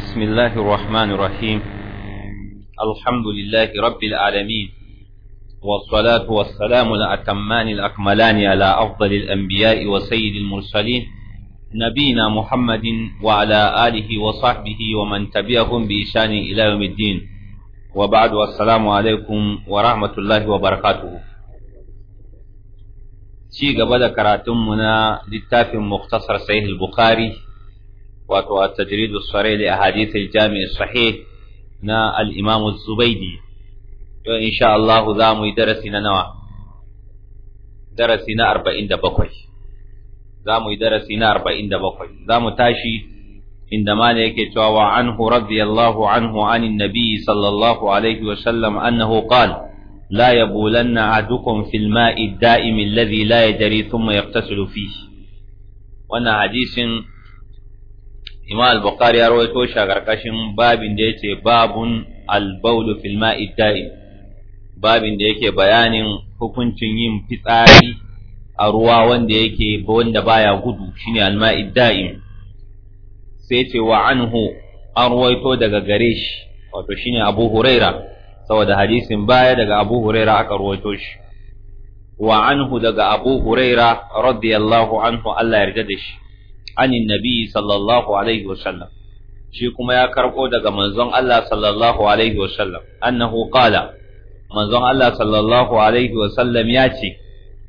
بسم الله الرحمن الرحيم الحمد لله رب العالمين والصلاة والسلام الأتمان الأكملان على أفضل الأنبياء وسيد المرسلين نبينا محمد وعلى آله وصحبه ومن تبعهم بإشان إلى يوم الدين وبعد والسلام عليكم ورحمة الله وبركاته شيء قبل كراتمنا للتافي na سيد البخاري wato at-tajrid as-sarih li al-jami' as-sahih na al-imam az-zubaydi to insha Allah za mu yi darasi na nawa darasi na 47 za mu yi darasi na 47 za mu tashi inda mala yake cewa wa anhu radiyallahu anhu anin nabi sallallahu alaihi wa sallam annahu qala لا يبولن عدكم في الماء الدائم الذي لا يجري ثم يقتسل فيه وانا حديث imam al-bukhari ya rawaito shi a karkashin babin da yake babun al-bawl fil ma'i da'im babin da yake bayanin hukuncin yin fitsari a ruwa wanda yake wanda baya gudu shine al-ma'i da'im sai ce wa anhu an ruwaito daga gare shi wato shine abu huraira saboda hadisin baya daga abu huraira aka ruwaito shi wa anhu daga abu huraira radiyallahu anhu Allah ya yarda da shi anin nabi sallallahu shi kuma ya karɓo daga manzon Allah sallallahu alaihi wasallam annahu qala manzon Allah sallallahu alaihi wasallam ya ce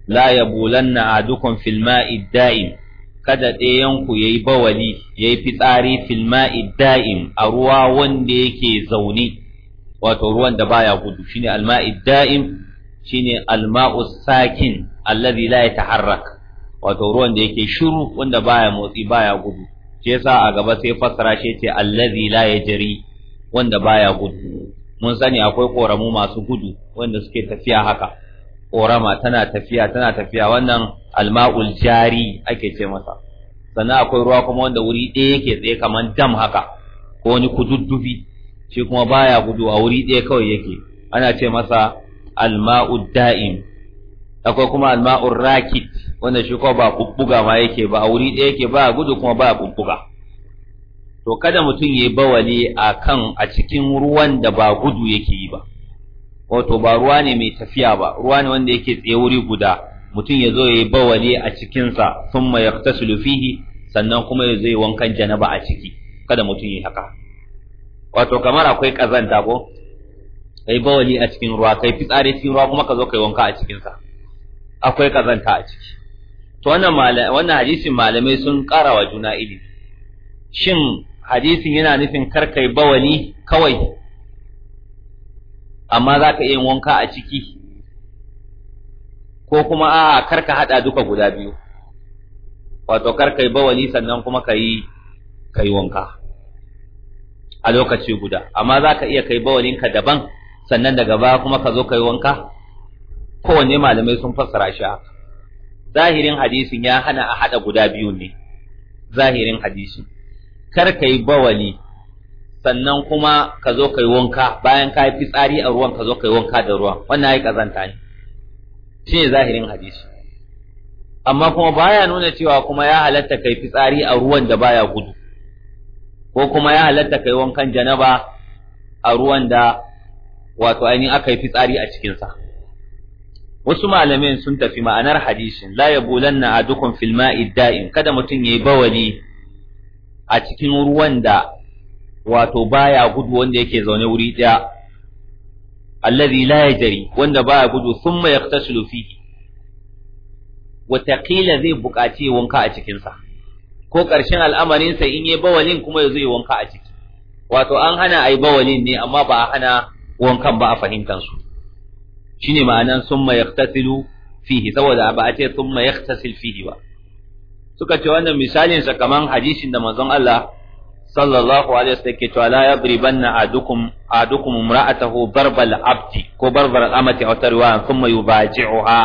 la yabulanna adukum fil ma'i da'im kada ɗayan ku yayi bawali yayi fitsari fil ma'i da'im a ruwa wanda yake zaune wato ruwan da baya gudu shine al ma'i da'im shine al ma'u sakin alladhi la yataharrak wato ruwan da yake shiru wanda baya motsi baya gudu ce yasa a gaba sai fassara shi ce allazi la yajri wanda baya gudu mun sani akwai koramu masu gudu wanda suke tafiya haka korama tana tafiya tana tafiya wannan alma'ul jari ake ce masa sannan akwai ruwa kuma wanda wuri ɗaya yake tsaye kamar dam haka ko wani kududdufi shi kuma baya gudu a wuri ɗaya kawai yake ana ce masa alma'ud da'im akwai kuma alma'ur rakit wanda shi ko ba bubbuga ma yake ba a wuri ɗaya yake ba gudu kuma ba bubbuga to kada mutum yayi bawali akan a cikin ruwan da ba gudu yake yi ba wato ba ruwa ne mai tafiya ba ruwa ne wanda yake tsaye wuri guda mutum ya zo yayi bawali a cikin sa thumma yaghtasilu fihi sannan kuma ya zo yi wankan janaba a ciki kada mutum yayi haka wato kamar akwai kazanta ko kai bawali a cikin ruwa kai fitsare cikin ruwa kuma ka zo kai wanka a cikin sa akwai kazanta a ciki to wannan wannan hadisin malamai sun ƙara wa juna ilimi shin hadisin yana nufin karkai bawali kawai amma za ka yin wanka a ciki ko kuma a'a karka haɗa duka guda biyu wato karkai bawali sannan kuma ka yi ka yi wanka a lokaci guda amma za ka iya kai bawalinka daban sannan daga baya kuma ka zo ka yi wanka kowanne malamai sun fassara shi haka zahirin hadisin ya hana a hada guda biyu ne zahirin hadisin kar kai bawali sannan kuma ka zo kai wanka bayan ka yi fitsari a ruwan ka zo kai wanka da ruwan wannan ai kazanta ne ne zahirin hadisi amma kuma baya nuna cewa kuma ya halatta kai fitsari a ruwan da baya gudu ko kuma ya halatta kai wankan janaba a ruwan da wato ainihin aka yi fitsari a cikinsa wasu malamin sun tafi ma'anar hadisin la yabulanna adukum fil ma'i da'im kada mutum ya yi bawali a cikin ruwan da wato baya gudu wanda yake zaune wuri daya alladhi la yajri wanda baya gudu sun thumma yaqtasilu fihi wataƙila zai buƙaci wanka a cikinsa ko ƙarshen al'amarinsa in yi bawalin kuma ya yi wanka a ciki wato an hana a yi bawalin ne amma ba a hana wankan ba a fahimtansu shine ma'anan summa yaqtasilu fihi saboda ba a ce summa yaqtasil fihi ba suka ce wannan misalin sa kaman hadisin da manzon Allah sallallahu alaihi wasallam ke cewa la yadribanna adukum adukum imra'atahu darbal abdi ko barbar al-amati aw tarwa thumma yubaji'uha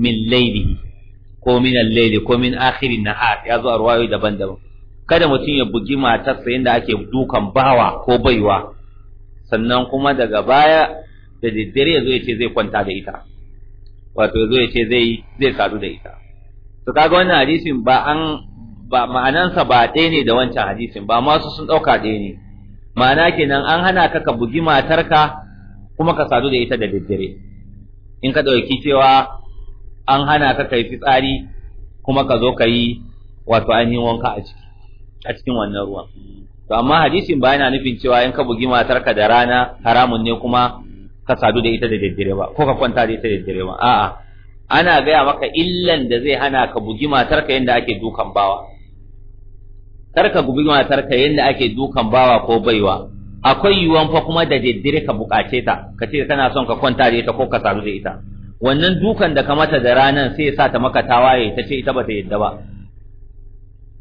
min laylihi ko min al-layli ko min akhirin nahar ya zo arwayo daban-daban kada mutum ya bugi matarsa yadda ake dukan bawa ko baiwa sannan kuma daga baya da daddare ya zo ya ce zai kwanta da ita wato ya zo ya ce zai zai sadu da ita to kaga wannan hadisin ba an ba ma'anansa ba ɗaya ne da wancan hadisin ba masu sun ɗauka ɗaya ne ma'ana kenan an hana ka ka bugi matarka kuma ka sadu da ita da daddare in ka ɗauki cewa an hana ka kai fitsari kuma ka zo ka yi wato ainihin wanka a ciki a cikin wannan ruwan to amma hadisin ba yana nufin cewa in ka bugi matarka da rana haramun ne kuma ka sadu da ita da daddare ba ko ka kwanta da ita da daddare ba a'a ana gaya maka illan da zai hana ka bugi matar ka yanda ake dukan bawa tarka bugi ka yanda ake dukan bawa ko baiwa akwai yuwan fa kuma da daddare ka bukace ta ka ce kana son ka kwanta da ita ko ka sadu da ita wannan dukan da ka mata da ranan sai ya sa ta maka tawaye ta ce ita bata yadda ba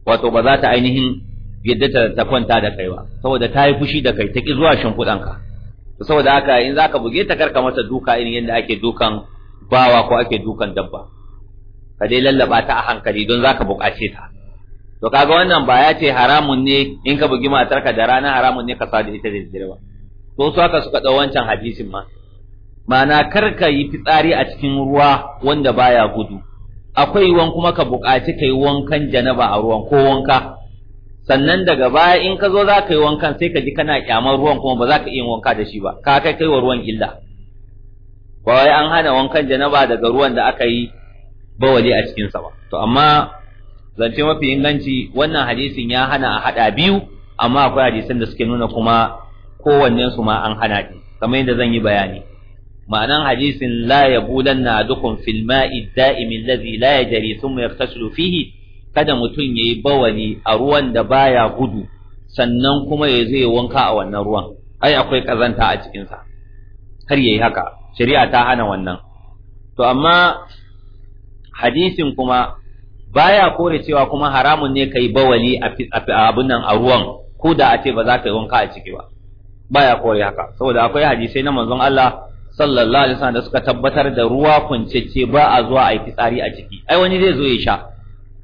wato ba za ta ainihin yadda ta kwanta da kai ba saboda ta yi fushi da kai ta ki zuwa shimfiɗanka saboda haka in zaka buge ta karka mata duka irin yadda ake dukan bawa ko ake dukan dabba ka dai lallaba ta a hankali don zaka buƙace ta to kaga wannan ba ya ce haramun ne in ka bugi matarka da rana haramun ne ka sadi ita da dare ba to su haka suka dau wancan hadisin ma mana karka yi fitsari a cikin ruwa wanda baya gudu akwai wan kuma ka buƙaci kai wankan janaba a ruwan ko wanka sannan daga baya in ka zo za ka yi wankan sai ka ji kana kyamar ruwan kuma ba za ka iya wanka da shi ba ka kai kaiwa ruwan illa ba wai an hana wankan janaba daga ruwan da aka yi bawali a cikinsa ba to amma zance mafi inganci wannan hadisin ya hana a haɗa biyu amma akwai hadisan da suke nuna kuma kowannen su ma an hana ɗi kamar yadda zan yi bayani ma'anan hadisin la yabulanna adukum fil ma'i da'im alladhi la yajri thumma yaghtasilu fihi kada mutum ya yi bawali a ruwan da baya gudu sannan kuma ya zai wanka a wannan ruwan ai akwai kazanta a cikinsa kar ya yi haka shari'a ta hana wannan to amma hadisin kuma baya kore cewa kuma haramun ne kai bawali a abin nan a ruwan ko da a ce ba za ka yi wanka a ciki ba baya kore haka saboda akwai hadisai na manzon Allah sallallahu alaihi wasallam da suka tabbatar da ruwa kuncece ba a zuwa a yi fitsari a ciki ai wani zai zo ya sha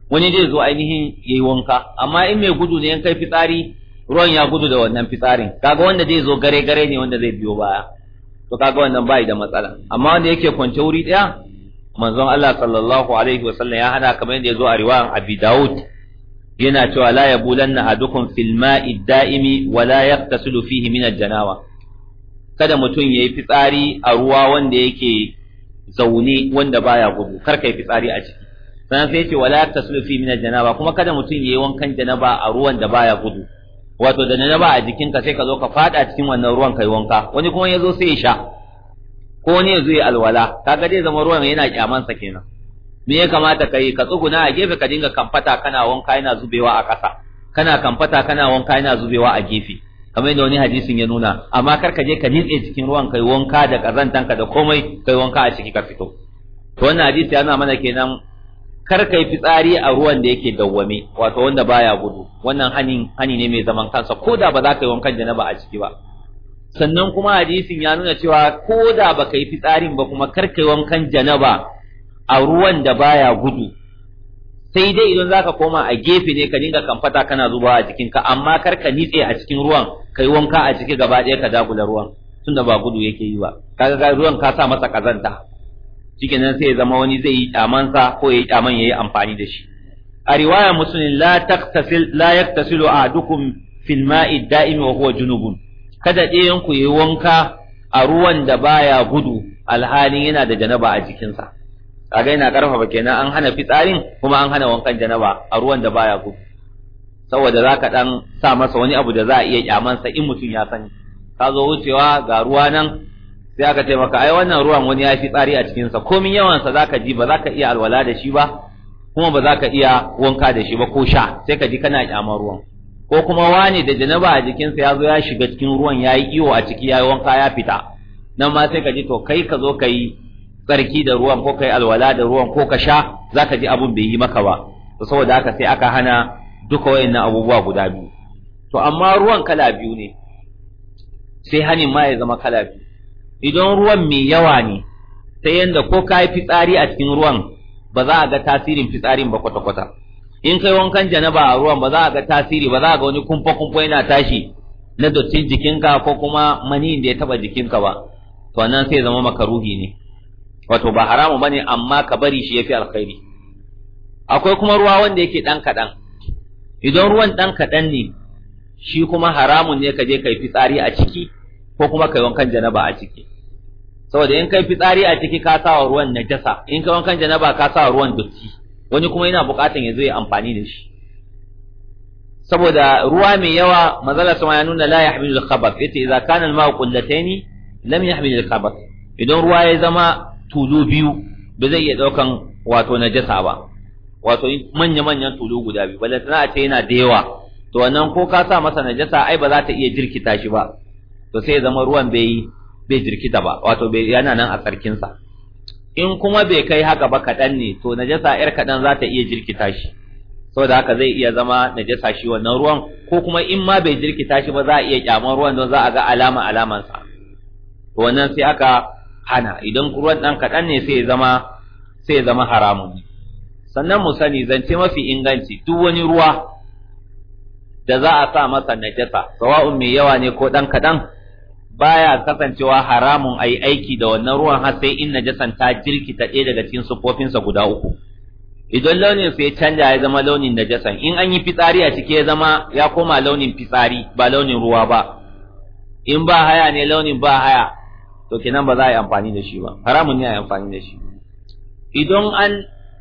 wani zai zo ainihin ya yi wanka amma in mai gudu ne in kai fitsari ruwan ya gudu da wannan fitsarin kaga wanda zai zo gare gare ne wanda zai biyo baya to kaga wannan bai da matsala amma wanda yake kwance wuri daya manzon Allah sallallahu alaihi wasallam ya hada kamar yadda ya zo a riwayan Abi Dawud yana cewa la yabulanna adukum fil ma'i da'imi wa la yaqtasilu fihi min al-janawa kada mutum yayi fitsari a ruwa wanda yake zaune wanda baya gudu kar kai fitsari a ciki sannan sai ce wala taslu fi min janaba kuma kada mutum yayi wankan janaba a ruwan da baya gudu wato da janaba a jikinka sai ka zo ka fada cikin wannan ruwan kai wanka wani kuma yazo sai ya sha ko wani yazo ya alwala kaga dai zama ruwan yana kyaman sa kenan me ya kamata kai ka tsuguna a gefe ka dinga kamfata kana wanka yana zubewa a ƙasa kana kamfata kana wanka yana zubewa a gefe kamar yadda wani hadisin ya nuna amma kar ka je ka nitse cikin ruwan kai wanka da kazantanka da komai kai wanka a ciki ka fito to wannan hadisi yana mana kenan kar ka yi fitsari a ruwan da yake dawwame wato wanda baya gudu wannan hani hani ne mai zaman kansa koda ba za ka yi wankan janaba a ciki ba sannan kuma hadisin ya nuna cewa koda ba ka yi fitsarin ba kuma kar kai wankan janaba a ruwan da baya gudu sai dai idan zaka koma a gefe ne ka dinga kamfata kana zubawa a cikin ka amma kar ka nitse a cikin ruwan kai wanka a ciki gaba ɗaya ka dagula ruwan tunda ba gudu yake yi ba kaga ruwan ka sa masa kazanta nan sai ya zama wani zai yi kyamansa ko ya yi kyaman ya yi amfani da shi a riwaya muslim la ta la a ahadukum fil ma'i da'imi wa huwa junubun kada ɗayan ku yi wanka a ruwan da baya gudu alhalin yana da janaba a jikinsa kaga yana karfafa kenan an hana fitsarin kuma an hana wankan janaba a ruwan da baya gudu saboda zaka dan sa masa wani abu da za a iya kyamansa in mutum ya sani ka zo wucewa ga ruwa nan sai aka ce maka ai wannan ruwan wani ya fi tsari a cikinsa, sa komin yawan sa zaka ji ba zaka iya alwala da shi ba kuma ba zaka iya wanka da shi ba ko sha sai ka ji kana kyama ruwan ko kuma wani da janaba a jikinsa ya zo ya shiga cikin ruwan yayi iwo a ciki yayi wanka ya fita nan ma sai ka ji to kai ka zo ka yi tsarki da ruwan ko kai alwala da ruwan ko ka sha zaka ji abun bai yi maka ba to saboda haka sai aka hana duka wayannan abubuwa guda biyu to amma ruwan kala biyu ne sai hanin ma ya zama kala biyu idan ruwan mai yawa ne ta yadda ko ka yi fitsari a cikin ruwan ba za a ga tasirin fitsarin ba kwata-kwata in kai wankan janaba a ruwan ba za a ga tasiri ba za a ga wani kumfa-kumfa yana tashi na dottin jikinka ko kuma maniyin da ya taba jikinka ba to nan sai zama maka ruhi ne wato ba haramu ba ne amma ka bari shi fi alkhairi akwai kuma ruwa wanda yake dan kadan idan ruwan dan kadan ne shi kuma haramun ne ka je kai fitsari a ciki ko kuma kai wankan janaba a ciki saboda in kai fitsari a ciki ka sa ruwan najasa in kai wankan janaba ka sa ruwan dotti wani kuma yana bukatan ya zo ya amfani da shi saboda ruwa mai yawa mazala sama ya nuna la yahmilu al-khabath yace idza kana al-ma'u qullataini lam yahmil al-khabath idan ruwa ya zama tulu biyu ba zai iya daukan wato najasa ba wato manya manyan tulu guda biyu balantana a ce yana da yawa to wannan ko ka sa masa najasa ai ba za ta iya jirkita shi ba to sai zama ruwan bai bai jirkita ba wato bai yana nan a tsarkin sa in kuma bai kai haka ba kadan ne to najasa yar kadan za ta iya jirkita shi saboda haka zai iya zama najasa shi wannan ruwan ko kuma in ma bai jirkita shi ba za a iya kyaman ruwan don za a ga alama alaman sa to wannan sai aka hana idan ruwan dan kadan ne sai ya zama sai ya zama haramun sannan mu sani zance mafi inganci duk wani ruwa da za a sa masa najasa sawa'un mai yawa ne ko dan kadan baya kasancewa haramun ayi aiki da wannan ruwan har sai in najasan ta jirkita ɗaya daga cikin sufofinsa guda uku idan launin sai canja ya zama launin najasan in an yi fitsari a ciki ya zama ya koma launin fitsari ba launin ruwa ba in ba haya ne launin ba haya to kenan ba za a yi amfani da shi ba haramun ne a yi amfani da shi idan an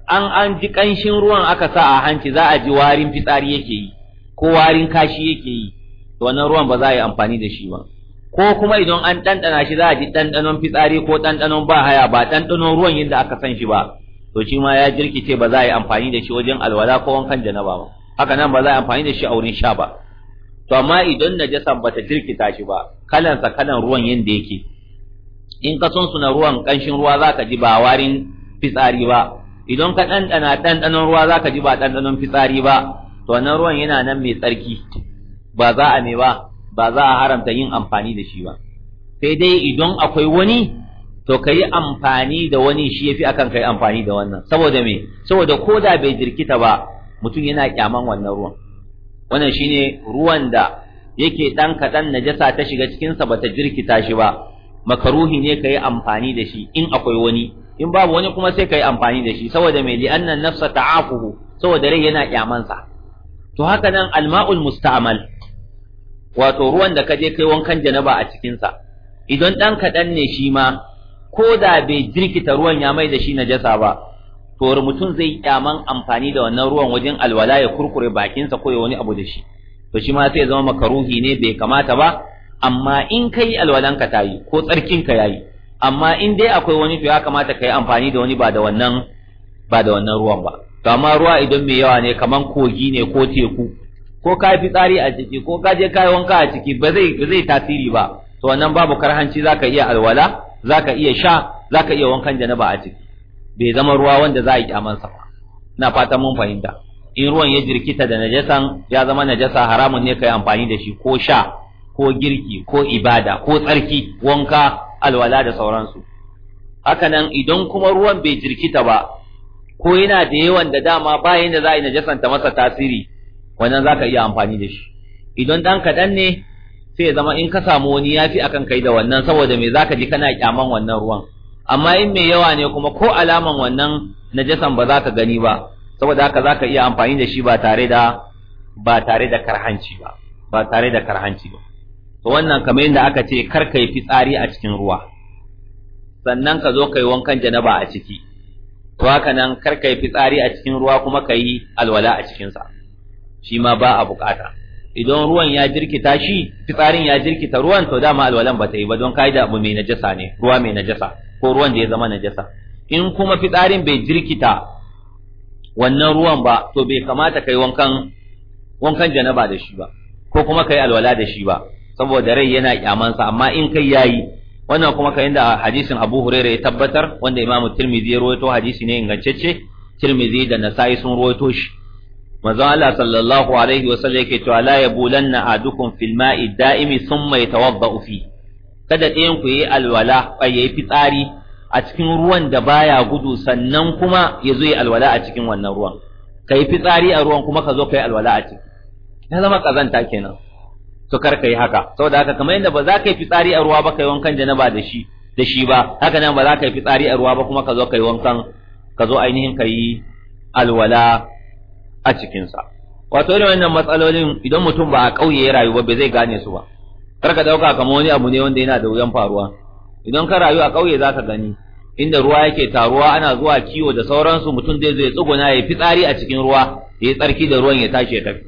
an an ji kanshin ruwan aka sa a hanci za a ji warin fitsari yake yi ko warin kashi yake yi to wannan ruwan ba za a yi amfani da shi ba ko kuma idan an ɗanɗana shi za a ji ɗanɗanon fitsari ko ɗanɗanon ba haya ba ɗanɗanon ruwan yadda aka san shi ba to shi ma ya jirkice ba za a yi amfani da shi wajen alwala ko wankan janaba ba haka nan ba za a yi amfani da shi a wurin sha ba to amma idan najasan bata jirkita shi ba kalansa kalan ruwan yadda yake in ka son suna ruwan ƙanshin ruwa za ka ji ba warin fitsari ba idan ka ɗanɗana ɗanɗanon ruwa za ka ji ba ɗanɗanon fitsari ba to wannan ruwan yana nan mai tsarki ba za a ne ba ba za a haramta yin amfani da shi ba sai dai idan akwai wani to ka yi amfani da wani shi ya fi akan ka yi amfani da wannan saboda me saboda ko da bai jirkita ba mutum yana kyaman wannan ruwan wannan shine ruwan da yake ɗan kaɗan najasa ta shiga cikinsa bata jirkita shi ba makaruhi ne ka yi amfani da shi in akwai wani in babu wani kuma sai ka yi amfani da shi saboda me, mai li'annan nafsa ta'afuhu saboda rai yana kyamansa to haka nan alma'ul musta'mal wato ruwan da ka je kai wankan janaba a cikinsa idan ɗan kaɗan ne shi ma ko da bai jirkita ruwan ya mai da shi najasa ba to mutum zai kyaman amfani da wannan ruwan wajen alwala ya kurkure bakinsa ko ya wani abu da shi to shi ma sai ya zama makaruhi ne bai kamata ba amma in kai alwalanka ta yi ko tsarkinka ya yi amma in dai akwai wani to ya kamata ka yi amfani da wani ba da wannan ba da wannan ruwan ba to amma ruwa idan mai yawa ne kaman kogi ne ko teku ko ka yi fitsari a ciki ko ka je kayan wanka a ciki ba zai ba zai tasiri ba to wannan babu karhanci zaka iya alwala zaka iya sha zaka iya wankan janaba a ciki bai zama ruwa wanda za a yi ba ina fatan mun fahimta in ruwan ya jirkita da najasan ya zama najasa haramun ne kai amfani da shi ko sha ko girki ko ibada ko tsarki wanka alwala da sauransu hakanan idan kuma ruwan bai jirkita ba ko yana da yawan da dama bayan da za a yi najasanta masa tasiri wannan zaka iya amfani da shi idan dan kaɗan ne sai zama in ka samu wani yafi akan kai da wannan saboda me zaka ji kana kyaman wannan ruwan amma in mai yawa ne kuma ko alaman wannan najasan ba za ka gani ba saboda haka za ka iya amfani da shi ba tare da ba tare da karhanci ba ba tare da karhanci ba to wannan kamar yadda aka ce kar kai fitsari a cikin ruwa sannan ka zo kai wankan janaba a ciki to haka nan kar kai fitsari a cikin ruwa kuma kai alwala a cikin sa shi ma ba a bukata idan ruwan ya jirkita shi fitsarin ya jirkita ruwan to dama alwalan ba ta yi ba don kaida da abu mai najasa ne ruwa mai najasa ko ruwan da ya zama najasa in kuma fitsarin bai jirkita wannan ruwan ba to bai kamata kai wankan wankan janaba da shi ba ko kuma kai alwala da shi ba saboda rai yana kyamansa amma in kai yayi wannan kuma kai da hadisin Abu Hurairah ya tabbatar wanda Imam Tirmidhi ya rawaito hadisi ne ingantacce Tirmidhi da Nasa'i sun rawaito shi mazala sallallahu alaihi wa sallam yake cewa la yabulanna adukum fil ma'i da'imi thumma yatawadda'u fi kada ɗayan ku yi alwala yayi fitsari a cikin ruwan da baya gudu sannan kuma ya zo yi alwala a cikin wannan ruwan ka yi fitsari a ruwan kuma ka zo ka yi alwala a ciki ya zama kazanta kenan to kar ka yi haka saboda haka kamar yadda ba za ka yi fitsari a ruwa ba kai wankan janaba da shi da shi ba haka nan ba za ka yi fitsari a ruwa ba kuma ka zo kai wankan ka zo ainihin ka yi alwala a cikinsa wato irin wannan matsalolin idan mutum ba a ƙauye ya rayu ba bai zai gane su ba kar ka ɗauka kamar wani abu ne wanda yana da wuyan faruwa idan ka rayu a ƙauye za ka gani inda ruwa yake taruwa ana zuwa kiwo da sauransu mutum zai zo ya tsuguna ya fitsari a cikin ruwa ya yi tsarki da ruwan ya tashi ya tafi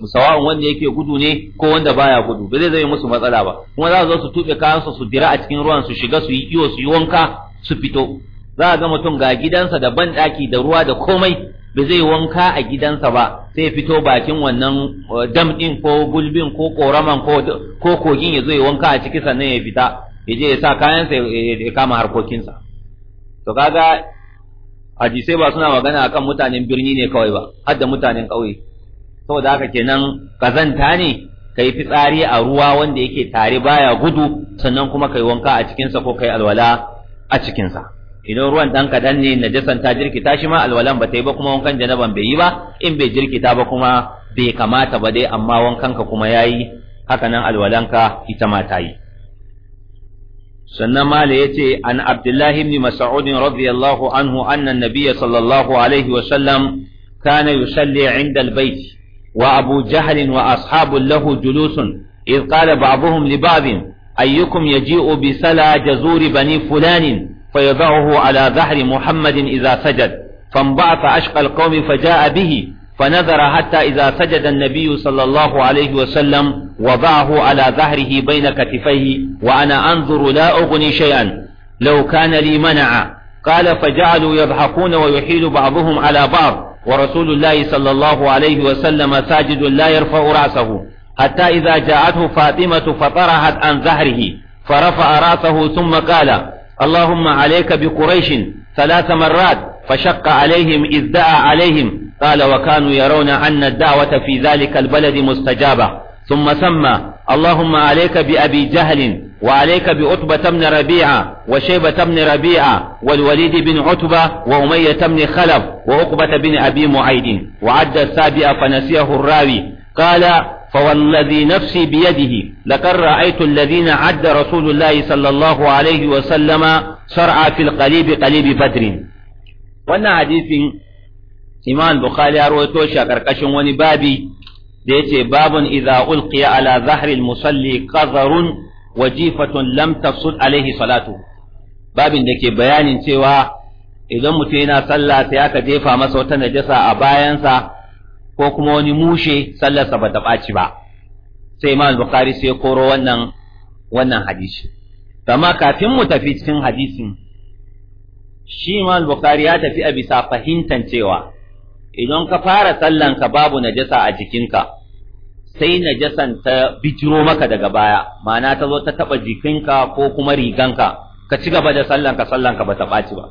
musawa'un wanda yake gudu ne ko wanda baya gudu ba zai zai musu matsala ba kuma za su zo su tuɓe kayansu su dira a cikin ruwan su shiga su yi iyo su yi wanka su fito za a ga mutum ga gidansa da ban da ruwa da komai ba zai wanka a gidansa ba sai fito bakin wannan uh, dam din ko gulbin ko koraman ko kogin ya zo ya wanka a ciki sannan ya fita ya je ya sa kayansa ya kama harkokinsa to kaga hadisai ba suna magana akan mutanen birni ne kawai ba har da mutanen kauye saboda haka kenan kazanta ne kai fitsari a ruwa wanda yake tare baya gudu sannan kuma kai wanka a cikinsa ko kai alwala a cikinsa idan ruwan dan kadan ne najasan ta jirkita shi ma alwalan ba ta yi ba kuma wankan janaban bai yi ba in bai jirkita ba kuma bai kamata ba dai amma wankanka kuma yayi hakanan nan alwalanka ita ma ta yi sannan mala yace an abdullahi ibn mas'ud radiyallahu anhu anna an-nabiy sallallahu alaihi wa sallam kana yusalli 'inda al wa abu jahl wa ashabu lahu julusun idh qala ba'dhum li ba'd ayyukum yaji'u bi sala jazuri bani fulanin فيضعه على ظهر محمد إذا سجد فانبعث أشقى القوم فجاء به فنظر حتى إذا سجد النبي صلى الله عليه وسلم وضعه على ظهره بين كتفيه وأنا أنظر لا أغني شيئا لو كان لي منع قال فجعلوا يضحكون ويحيل بعضهم على بعض ورسول الله صلى الله عليه وسلم ساجد لا يرفع رأسه حتى إذا جاءته فاطمة فطرحت عن ظهره فرفع رأسه ثم قال اللهم عليك بقريش ثلاث مرات فشق عليهم إذ دعا عليهم قال وكانوا يرون أن الدعوة في ذلك البلد مستجابة ثم سمى اللهم عليك بأبي جهل وعليك بعتبة بن ربيعة وشيبة بن ربيعة والوليد بن عتبة وأمية بن خلف وعقبة بن أبي معيد وعد السابع فنسيه الراوي قال فوالذي نفسي بيده لقد رأيت الذين عد رسول الله صلى الله عليه وسلم سرعى في القليب قليب بدر وانا حديث إمام بخاري أرويتو شاكركشن وني بابي ديتي باب إذا ألقي على ظهر المصلي قذر وجيفة لم تفصل عليه صلاته باب ديكي بيان سوى إذا متينا صلى سياك جيفة مسوتا نجسا أباينسا ko kuma wani mushe sallarsa ba ta ɓaci ba sai imam bukari sai koro wannan wannan hadisi amma kafin mu tafi cikin hadisin shi imam bukari ya tafi a bisa fahimtan cewa idan ka fara sallanka babu najasa a jikinka sai najasan ta bijiro maka daga baya ma'ana ta zo ta taɓa jikinka ko kuma riganka ka ci gaba da sallanka sallanka ba ta ɓaci ba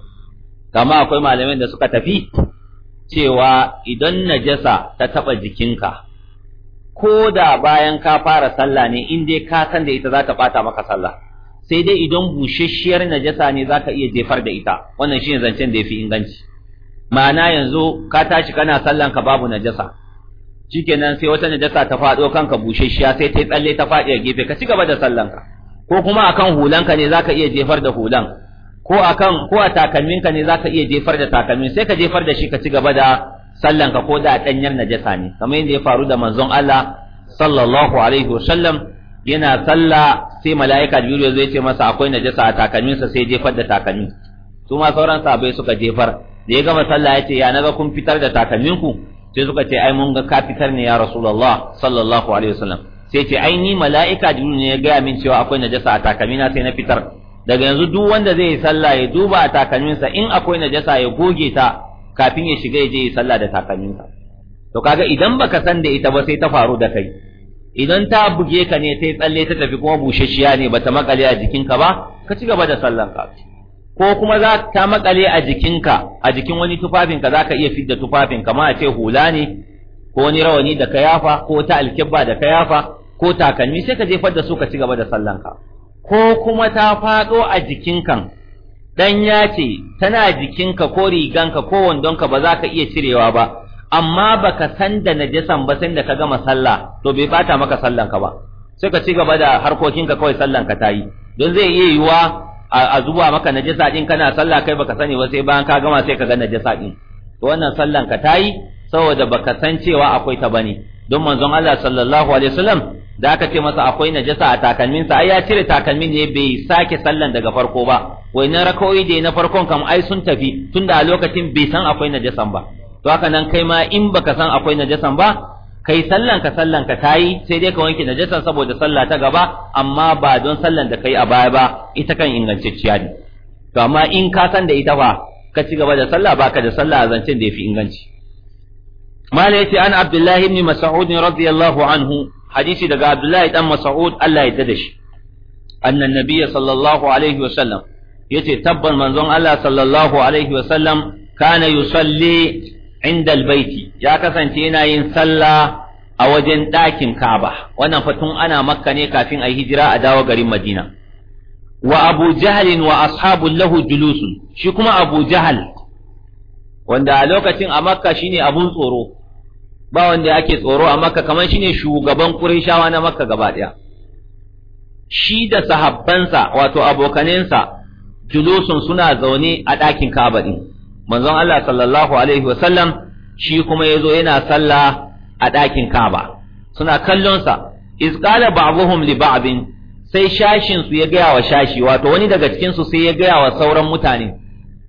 kama akwai malamai da suka tafi cewa idan najasa ta taba jikinka ko da bayan ka fara sallah ne in dai ka san da ita za ta bata maka sallah sai dai idan bushashiyar najasa ne za ka iya jefar da ita wannan shine zancen da ya fi inganci ma'ana yanzu ka tashi kana sallan ka babu najasa shikenan sai wata najasa ta faɗo kanka bushashiya sai ta tsalle ta faɗi a gefe ka ci gaba da sallan ka ko kuma akan hulanka ne zaka iya jefar da hulan ko akan ko a takalminka ne ka iya jefar da takalmin sai ka jefar da shi ka ci gaba da sallanka ko da danyar najasa ne kamar yadda ya faru da manzon Allah sallallahu alaihi wasallam yana sallah sai mala'ika jibril zai ce masa akwai najasa a takalminsa sai jefar da takalmin su ma sauran sahabbai suka jefar da ya gama sallah ya ce ya naga kun fitar da takalminku sai suka ce ai mun ga ka fitar ne ya rasulullah sallallahu alaihi wasallam sai ce ai ni mala'ika jibril ne ya gaya min cewa akwai najasa a takalmina sai na fitar daga yanzu duk wanda zai yi sallah ya duba a takalminsa in akwai najasa ya goge ta kafin ya shiga ya je yi sallah da takalminsa to kaga idan baka san da ita ba sai ta faru da kai idan ta buge ka ne sai tsalle ta tafi kuma bushashiya ne bata makale a jikinka ba ka ci gaba da sallanka ko kuma za ta makale a jikinka a jikin wani tufafinka za ka iya fidda tufafin kamar a ce hula ne ko wani rawani da ka yafa ko ta alkibba da ka yafa ko takalmi sai ka jefar da su ka ci gaba da ka ko kuma ta faɗo a jikinka dan ya ce tana jikinka ko riganka ko wandonka ba za ka iya cirewa ba amma baka san da najasan ba sai da ka gama sallah to bai bata maka sallanka ba sai ka ci gaba da harkokinka kawai sallanka ta yi don zai iya yiwa a zuba maka najasa din kana sallah kai baka sani ba sai bayan ka gama sai ka ga najasa din to wannan sallanka ta yi saboda baka san cewa akwai ta ba ne. don manzon Allah sallallahu alaihi wasallam da aka ce masa akwai najasa a takalminsa ai ya cire takalmin ne bai sake sallan daga farko ba Wai wainan rakawoyi da na farkon kam ai sun tafi tunda a lokacin bai san akwai najasan ba to haka nan kai ma in baka san akwai najasan ba kai sallan ka sallan ka tayi sai dai ka wanke najasan saboda sallah ta gaba amma ba don sallan da kai a baya ba ita kan ingantacciya ne to amma in ka san da ita ba ka ci gaba da sallah baka da sallah a zancen da yafi inganci mala yace an abdullahi ibn mas'ud radiyallahu anhu hadisi daga Abdullahi dan Mas'ud Allah ya dade shi annan nabiyyi sallallahu alaihi wasallam yace tabban manzon Allah sallallahu alaihi sallam, kana yusalli inda albayti ya kasance yana yin sallah a wajen ɗakin Ka'aba wannan fatun ana makka ne kafin a yi hijira a dawo garin Madina wa Abu Jahl wa ashabu lahu julusun shi kuma Abu Jahl wanda a lokacin a makka shine abun tsoro ba wanda ake tsoro a makka kamar ne shugaban qurayshawa na makka gaba daya shi da sahabbansa wato abokanensa julusun suna zaune a ɗakin Ka'aba manzon Allah sallallahu alaihi wasallam shi kuma yazo yana salla a ɗakin kaba suna kallonsa, sa iz qala ba'dhum li sai shashin ya gaya wa shashi wato wani daga cikin su sai ya gaya wa sauran mutane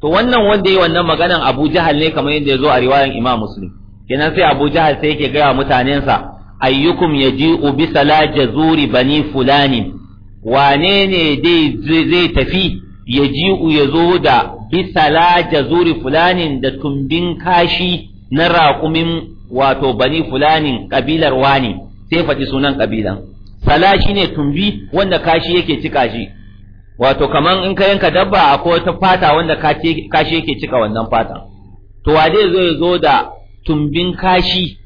to wannan wanda yi wannan maganan Abu Jahal ne kamar yadda yazo a riwayan Imam Muslim kenan sai Abu Jahal sai yake gaya mutanensa ayyukum yaji'u bi sala jazuri bani fulani wane ne dai zai tafi yaji'u yazo da bi sala jazuri fulanin da tumbin kashi na raƙumin wato bani fulanin kabilar wani sai faɗi sunan kabilan sala shine tumbi wanda kashi yake cika shi wato kaman in ka yanka dabba akwai wata fata wanda kashi yake cika wannan fata to wa zai zo da tumbin kashi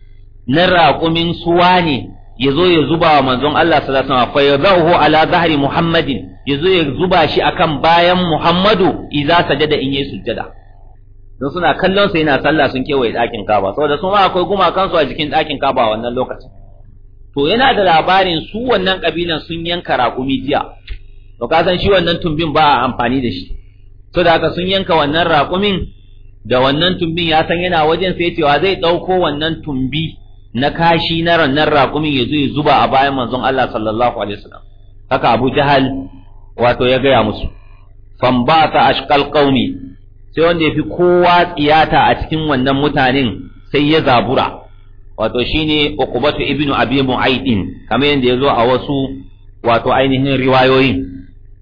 na raƙumin suwa ne ya zo ya zuba wa manzon Allah sallallahu alaihi wasallam fa yadahu ala zahri muhammadin ya zo ya zuba shi akan bayan muhammadu idza sajada in yi sujjada don suna kallon sa yana sallah sun kewaye ɗakin kaba saboda su ma akwai gumakan su a jikin ɗakin kaba a wannan lokacin to yana da labarin su wannan kabilan sun yanka raƙumi jiya to ka san shi wannan tumbin ba a amfani da shi saboda haka sun yanka wannan raƙumin da wannan tumbin ya san yana wajen sai cewa zai ɗauko wannan tumbi na kashi na rannan raƙumin ya zo ya zuba a bayan manzon Allah sallallahu alaihi wasallam haka Abu Jahal wato ya gaya musu ta ashqal qaumi sai wanda yafi kowa tsiyata a cikin wannan mutanen sai ya zabura wato shine Uqbatu ibnu Abi Mu'aydin kamar yadda yazo a wasu wato ainihin riwayoyin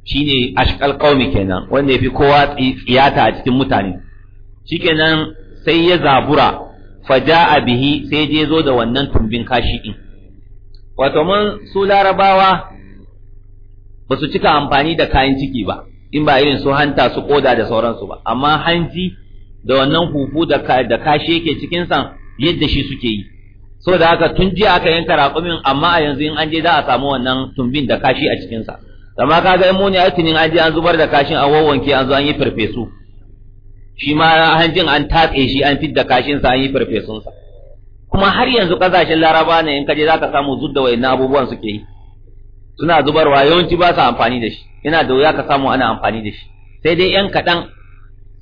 shine ashqal qaumi kenan wanda yafi kowa tsiyata a cikin mutanen shikenan sai ya zabura faja'a bihi sai je zo da wannan tumbin kashi din wato mun su larabawa ba su cika amfani da kayan ciki ba in ba irin su hanta su koda da sauransu ba amma hanji da wannan hufu da da kashi yake cikin sa yadda shi suke yi so da haka tun jiya aka yanka raƙumin amma a yanzu in an je za a samu wannan tumbin da kashi a cikin sa amma kaga in muni a tunin an je an zubar da kashin a wawwanke an zo an yi farfesu shi ma hanjin an tatse shi an fidda kashinsa an yi farfesunsa kuma har yanzu kasashen laraba ne in kaje zaka samu zudda ina abubuwan suke yi suna zubarwa yawanci ba su amfani da shi yana da wuya ka samu ana amfani da shi sai dai yan kaɗan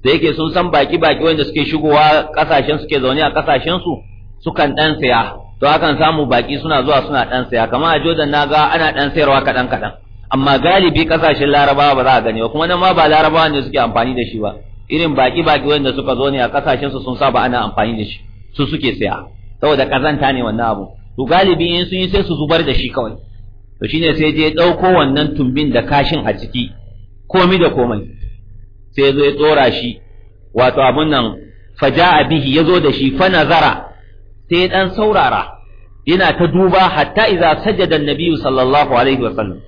da yake sun san baki baki wanda suke shigowa kasashen suke zaune a kasashen su sukan dan saya to akan samu baki suna zuwa suna dan saya kamar a Jordan naga ana dan sayarwa kaɗan kaɗan amma galibi kasashen larabawa ba za a gani ba kuma nan ma ba larabawa ne suke amfani da shi ba irin baki baki wanda suka zo ne a kasashen su sun saba ana amfani da shi su suke saya saboda kazanta ne wannan abu to galibi in sun yi sai su zubar da shi kawai to shine sai je dauko wannan tumbin da kashin a ciki komai da komai sai ya zo ya tsora shi wato abun nan faja'a bihi ya zo da shi fa nazara sai dan saurara yana ta duba hatta idza sajada annabi sallallahu alaihi wasallam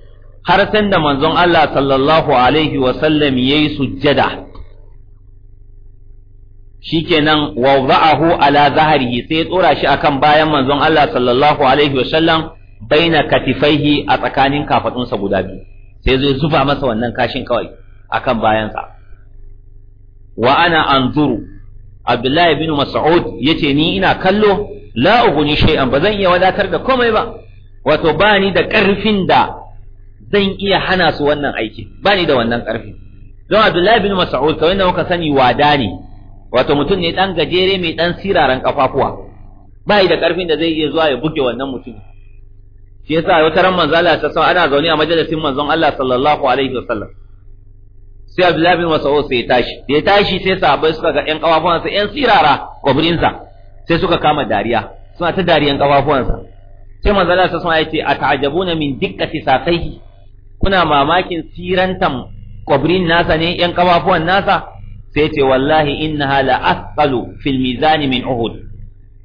har sanda manzon Allah sallallahu alaihi wasallam yayi sujjada shikenan wa za'ahu ala zahrihi sai ya tsora shi akan bayan manzon Allah sallallahu alaihi wa sallam baina katifaihi a tsakanin kafadunsa guda biyu sai zai zuba masa wannan kashin kawai akan bayansa wa ana anzuru Abdullah ibn Mas'ud yace ni ina kallo la uguni shay'an ba zan iya wadatar da komai ba wato ba da karfin da zan iya hana su wannan aiki ba da wannan karfin don Abdullah ibn Mas'ud kawai da muka sani wada ne wato mutum ne dan gajere mai dan siraran kafafuwa bai da karfin da zai iya zuwa ya buge wannan mutum shi yasa wata ran manzo Allah ta ana zaune a majalisin manzon Allah sallallahu alaihi wasallam sai Abdullah bin Mas'ud sai ya tashi Sai ya tashi sai sahabbai suka ga kafafuwan sa 'yan sirara sa sai suka kama dariya suna ta dariyan sa sai manzo Allah sallallahu san wasallam ya ce ata'ajabuna min dikkati saqaihi kuna mamakin sirantan kwabrin nasa ne 'yan kafafuwan nasa sai ce wallahi innaha la asqalu fil mizani min uhud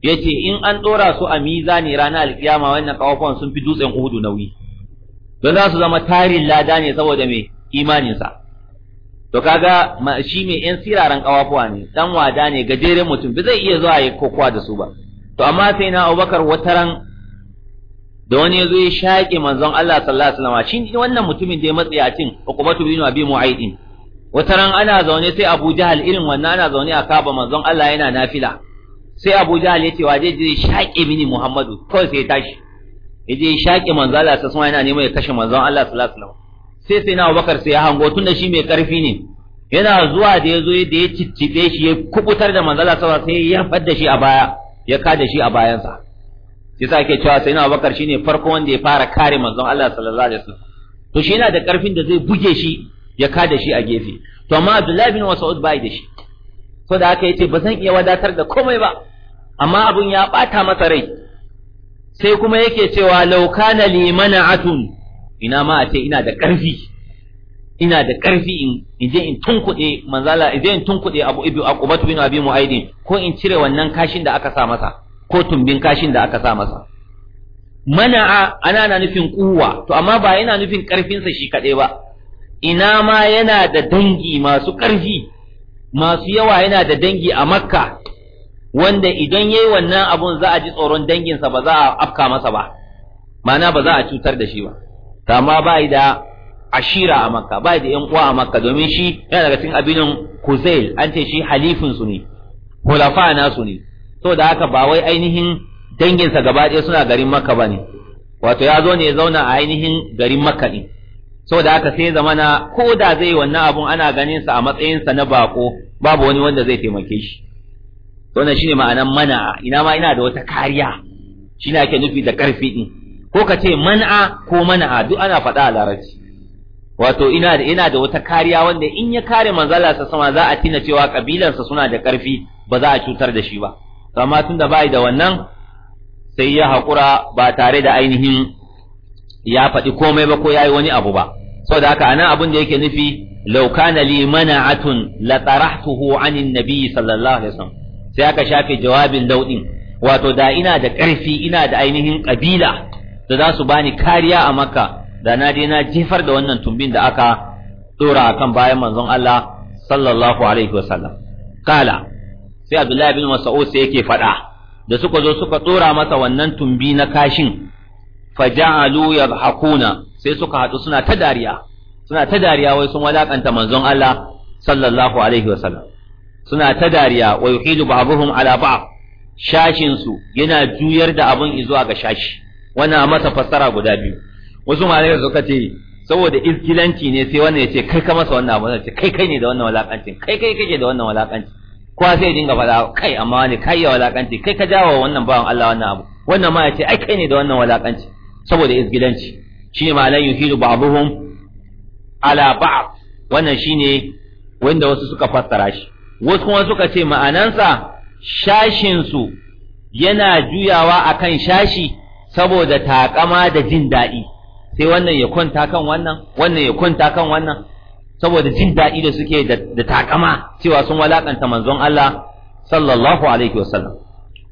yace in an dora su a mizani ranar alkiyama wannan kawafan sun fi dutsen uhud nauyi don za su zama tarin lada ne saboda me imanin sa to kaga shi mai yan siraran kawafuwa ne dan wada ne gajeren mutum ba zai iya zuwa ya kokowa da su ba to amma sai na Abubakar wataran da wani yazo ya shaƙe manzon Allah sallallahu alaihi wasallam shi wannan mutumin da ya matsi a cin Uqbatu bin Abi Mu'ayd wata ran ana zaune sai Abu Jahal irin wannan ana zaune a kaba manzon Allah yana nafila sai Abu Jahal ya ce wa je je shaƙe mini Muhammadu kawai sai ya tashi ya je shaƙe manzon Allah sai yana neman ya kashe manzon Allah sallallahu alaihi wasallam sai sai na Abubakar sai ya hango tunda shi mai karfi ne yana zuwa da ya zo da ya ciccibe shi ya kubutar da manzon Allah sallallahu alaihi wasallam sai ya fadda shi a baya ya kada shi a bayansa sa ke cewa sai na Abubakar shine farko wanda ya fara kare manzon Allah sallallahu alaihi wasallam to shi yana da karfin da zai buge shi ya da shi a gefe to amma Abdullahi bin Mas'ud bai da shi so da haka yace ba zan iya wadatar da komai ba amma abun ya bata masa rai sai kuma yake cewa law kana li mana'atun ina ma a ce ina da karfi ina da karfi in je in tunkuɗe manzala in je in tunkuɗe abu ibu aqubatu bin abi mu'aidin ko in cire wannan kashin da aka sa masa ko tumbin kashin da aka sa masa mana'a ana na nufin kuwa to amma ba yana nufin karfinsa shi kaɗai ba ina ma yana da dangi masu ƙarfi masu yawa yana da dangi a makka wanda idan yayi wannan abun za a ji tsoron danginsa ba za a afka masa ba mana ba za a cutar da shi ba kama ba da ashira a makka ba da yan uwa a makka domin shi yana daga cikin abinin kuzail an ce shi halifin su ne hulafa na su ne da haka ba wai ainihin danginsa gaba ɗaya suna garin makka ba ne wato ya zo ne ya zauna a ainihin garin makka ne saboda haka sai zamana ko da zai wannan abun ana ganin sa a matsayin sa na bako babu wani wanda zai taimake shi to wannan shine ma'anan mana. ina ma ina da wata kariya shine ake nufi da karfi din ko ka ce man'a ko mana'a duk ana faɗa a larabci wato ina da ina da wata kariya wanda in ya kare manzala sa sama za a tina cewa sa suna da karfi ba za a cutar da shi ba amma tunda bai da wannan sai ya hakura ba tare da ainihin ya faɗi komai ba ko yayi wani abu ba saboda haka anan abin da yake nufi law kana li mana'atun la tarahtuhu 'anin nabiy sallallahu alaihi wasallam sai aka shafe jawabin laudin wato da ina da ƙarfi ina da ainihin kabila da za su bani kariya a makka da na je na jefar da wannan tumbin da aka dora akan bayan manzon Allah sallallahu alaihi wasallam kala sai Abdullahi bin Mas'ud sai yake faɗa da suka zo suka dora masa wannan tumbi na kashin faja'alu yadhakuna sai suka haɗu suna ta dariya suna ta dariya wai sun walakanta manzon Allah sallallahu alaihi wasallam suna ta dariya wa yuhidu ba'dhum ala ba'd shashin su yana juyar da abun zuwa ga shashi wannan masa fassara guda biyu wasu malaka suka ce saboda izgilanci ne sai wannan yace kai ka masa wannan abun ce kai kai ne da wannan walakancin kai kai kake da wannan walakancin kowa sai dinga faɗa kai amma ne kai ya walakanci kai ka jawo wannan bawan Allah wannan abu wannan ma yace ai kai ne da wannan walakanci saboda izgilanci shine ma'anar yuhidu ba ala ba'd wannan shi ne wanda wasu suka fassara shi wasu kuma suka ce ma'anansa shashinsu su yana juyawa akan shashi saboda takama da jin daɗi sai wannan ya kwanta kan wannan wannan ya kwanta kan wannan saboda jin daɗi da suke da takama cewa sun walakanta manzon Allah sallallahu alaihi wasallam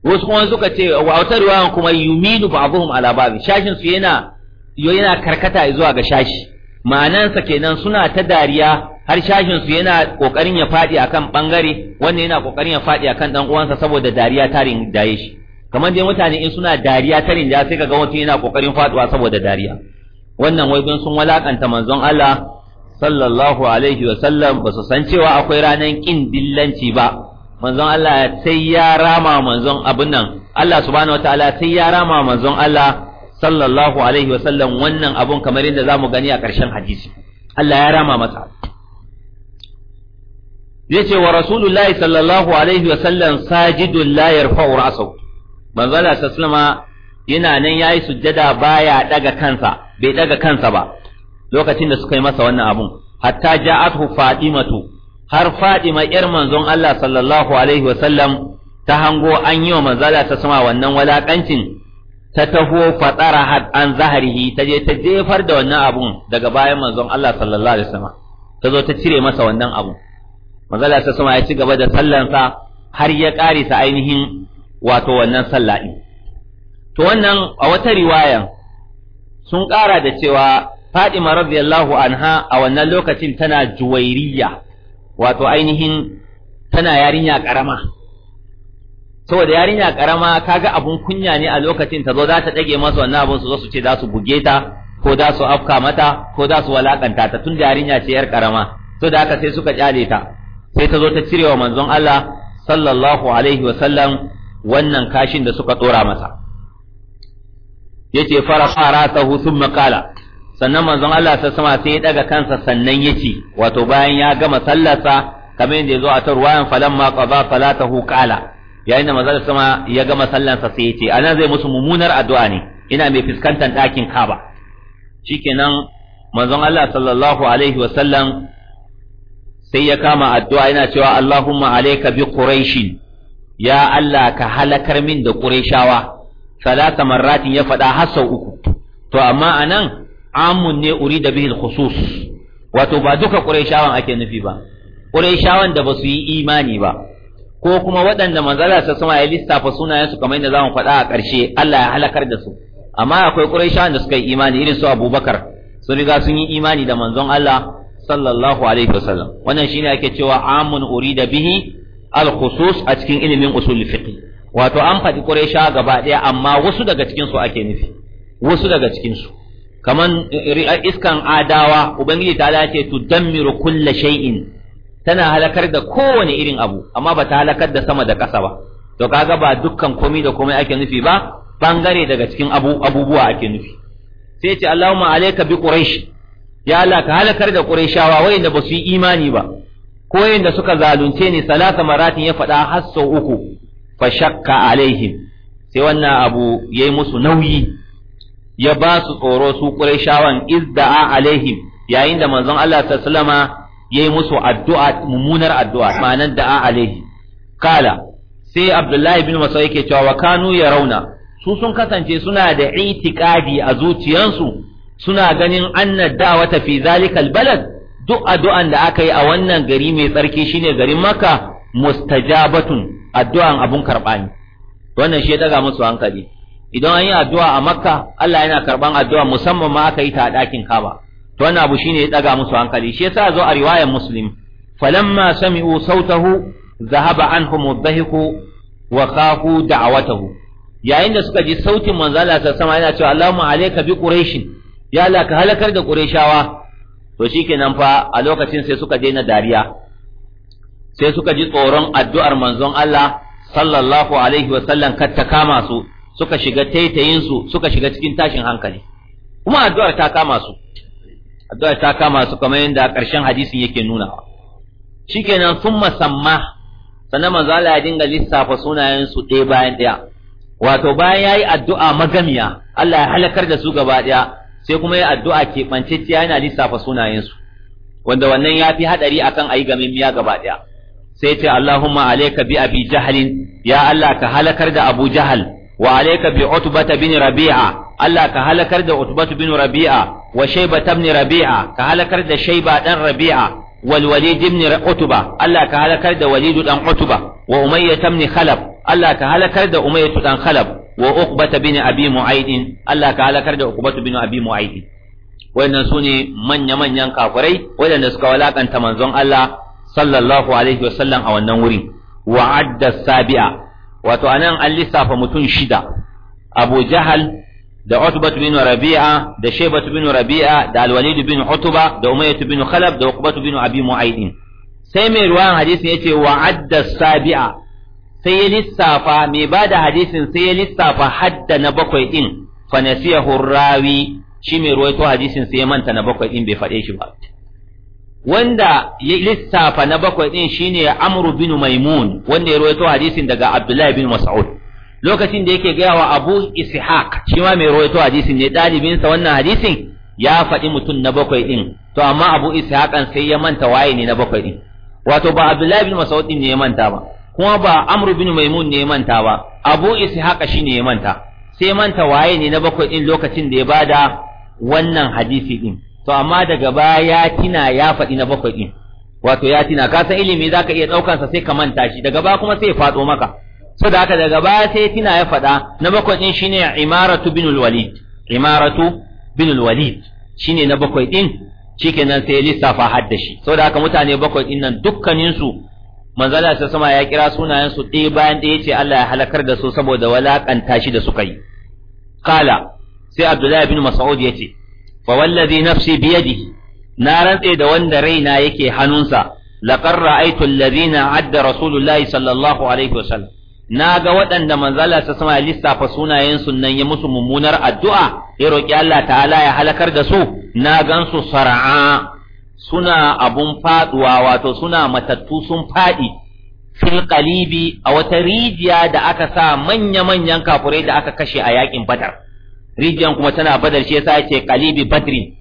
wasu kuma suka ce wa wata riwayan kuma yuminu abuhum ala babin shashin su yana yo yana karkata zuwa ga shashi ma'anansa kenan suna ta dariya har shashin su yana kokarin ya fadi akan bangare wannan yana kokarin ya fadi akan dan uwansa saboda dariya ta rinjaye shi kamar dai mutane in suna dariya ta rinjaye sai kaga mutum yana kokarin faduwa saboda dariya wannan wai sun walakanta manzon Allah sallallahu alaihi wa sallam ba su san cewa akwai ranan kin dillanci ba manzon Allah sai ya rama manzon abun nan Allah subhanahu wataala sai ya rama manzon Allah sallallahu alaihi wa sallam wannan abun kamar yadda zamu gani a ƙarshen hadisi Allah ya rama masa Ya ce wa rasulullahi sallallahu alaihi wa sallam sajidun la yarfa'u ra'sahu manzo Allah sallama yana nan yayi sujjada baya daga kansa bai daga kansa ba lokacin da suka yi masa wannan abun hatta ja'atuhu fatimatu har fatima yar manzon Allah sallallahu alaihi wa sallam ta hango an yi wa manzo Allah sallama wannan walakancin ta taho fatsara an zaharihi ta je ta jefar da wannan abun daga bayan manzon Allah sallallahu alaihi wasallam ta zo ta cire masa wannan abun manzon Allah sallallahu alaihi ya ci gaba da sallansa har ya karisa ainihin wato wannan sallah din to wannan a wata riwayan sun ƙara da cewa fatima radiyallahu anha a wannan lokacin tana juwairiya wato ainihin tana yarinya karama saboda yarinya karama kaga abun kunya ne a lokacin ta zo za ta dage masa wannan abun su zo su ce za su buge ta ko za su afka mata ko za su walakanta ta tun yarinya ce yar karama to da haka sai suka kyale ta sai ta zo ta cirewa manzon Allah sallallahu alaihi wa sallam wannan kashin da suka tsora masa yace farafa rasahu thumma qala sannan manzon Allah sai sama sai ya daga kansa sannan yace wato bayan ya gama sallarsa kamar yadda yazo a tarwayan falamma qada salatahu qala yayin da manzon sama ya gama sallansa sai ya ce anan zai musu mummunar addu'a ne ina mai fuskantar ɗakin Ka'aba shikenan manzon Allah sallallahu alaihi wa sallam sai ya kama addu'a yana cewa Allahumma alayka bi quraishin ya Allah ka halakar min da qurayshawa salata marratin ya faɗa har sau uku to amma anan amun ne urida bihi al-khusus wato ba duka qurayshawan ake nufi ba qurayshawan da basu yi imani ba ko kuma waɗanda manzala ta sama ya lissafa sunayensu kamar yadda zamu faɗa a ƙarshe Allah ya halakar da su amma akwai Qurayshawan da suka yi imani irin su Abubakar sun riga sun yi imani da manzon Allah sallallahu alaihi wasallam wannan shine ake cewa amun urida bihi al-khusus a cikin ilimin usul fiqh wato an faɗi Qurayshawa gaba ɗaya amma wasu daga cikin su ake nufi wasu daga cikin su kaman eh, iskan adawa ubangiji ta ce tudammiru kulla shay'in tana halakar da kowane irin abu amma bata ta halakar da sama da ƙasa ba to kaga ba dukkan komai da komai ake nufi ba bangare daga cikin abu abubuwa ake nufi sai ce Allahumma alayka bi quraish ya Allah ka halakar da quraishawa wayanda ba su yi imani ba ko wayanda suka zalunce ni salasa maratin ya faɗa har sau uku fa shakka alaihim sai wannan abu yayi musu nauyi ya ba su tsoro su quraishawan izda'a alaihim yayin da manzon Allah sallallahu alaihi wasallama yayi musu addu'a mummunar addu'a manan da alaihi kala sai abdullahi bin masa yake cewa wa kanu rauna, su sun kasance suna da itikadi a zuciyansu suna ganin anna da'wata fi zalikal balad duk addu'an da aka yi a wannan gari mai tsarki shine garin makka mustajabatun addu'an abun karɓa ne wannan shi ya daga musu hankali idan an yi addu'a a makka Allah yana karɓan addu'a musamman ma aka yi ta a ɗakin kaba to wannan abu shine ya daga musu hankali shi yasa zo a riwayar muslim falamma sami'u sautahu zahaba anhum adh wa khafu da'watahu yayin da suka ji sautin manzo Allah ta sama yana cewa Allahumma alayka bi quraish ya Allah ka halakar da quraishawa to shikenan fa a lokacin sai suka daina dariya sai suka ji tsoron addu'ar manzon Allah sallallahu alaihi wa sallam kama su suka shiga taitayin su suka shiga cikin tashin hankali kuma addu'ar ta kama su addu'a ta kama su kamar yadda ƙarshen hadisin yake nunawa shikenan summa samma sannan manzo Allah ya dinga lissafa sunayen su ɗaya bayan ɗaya wato bayan yayi addu'a magamiya Allah ya halakar da su gaba ɗaya sai kuma yayi addu'a ke banciciya yana lissafa sunayen su wanda wannan yafi hadari akan ayi gamimmiya gaba ɗaya sai ce Allahumma alayka bi abi jahlin ya Allah ka halakar da Abu Jahal wa alayka bi utbata bin rabi'a Allah ka halakar da utbatu bin rabi'a wa shayba ibn rabi'a ka halakar da shayba dan rabi'a wal walid ibn utba Allah ka halakar da walid dan utba wa umayyah ibn khalab. Allah ka halakar da umayyah dan khalab. wa uqbata bin abi mu'ayd Allah ka halakar da uqbatu bin abi mu'ayd wayannan sune manya manyan kafirai wayanda suka walakanta manzon Allah sallallahu alaihi wasallam a wannan wuri wa adda sabi'a wato anan an lissafa mutum shida Abu Jahal da Utbah bin Rabi'a da Shaybah bin Rabi'a da al bin Utba da Umayyah bin Khalaf da Uqbah bin Abi Mu'aydin sai mai ruwan hadisin yace wa adda sabi'a sai ya lissafa mai da hadisin sai ya lissafa hadda na bakwai din fa nasiyahu rawi shi mai ruwaito hadisin sai ya manta na bakwai din bai faɗe shi ba wanda ya lissafa na bakwai din shine Amr bin Maimun wanda ya rawaito hadisin daga Abdullah bin Mas'ud lokacin da yake gaya wa Abu Ishaq shi ma mai rawaito hadisin ne dalibin sa wannan hadisin ya faɗi mutum na bakwai din to amma Abu Ishaq sai ya manta waye ne na bakwai din wato ba Abdullah bin Mas'ud ne ya manta ba kuma ba Amr bin Maimun ne ya manta ba Abu Ishaq shi ne ya manta sai manta waye ne na bakwai din lokacin da ya bada wannan hadisi din to amma daga baya ya tina ya faɗi na bakwai ɗin wato ya tina ka san ilimi zaka iya ɗaukan sa sai ka manta shi daga baya kuma sai ya faɗo maka so da haka daga baya sai tina ya faɗa na bakwai ɗin shine imaratu binul walid imaratu binul walid shine na bakwai ɗin shikenan sai lissafa hadda shi so da haka mutane bakwai ɗin nan dukkaninsu manzala sai sama ya kira sunayensu ɗaya bayan ɗaya ce Allah ya halakar da su saboda walakanta shi da suka yi kala sai Abdullahi bin Mas'ud ya ce wa wallazi nafsi na rantse da wanda raina yake hannunsa laqad ra'aytu alladhina adda rasulullahi sallallahu alaihi wasallam na ga waɗanda manzala ta sama lissafa sunayen sunan ya musu mummunar addu'a ya roƙi Allah ta'ala ya halakar da su na gansu sara'a suna abun faɗuwa wato suna matattu sun faɗi fil a wata rijiya da aka sa manya-manyan kafurai da aka kashe a yaƙin badar rijiyan kuma tana badar shi yasa yace qalibi badrin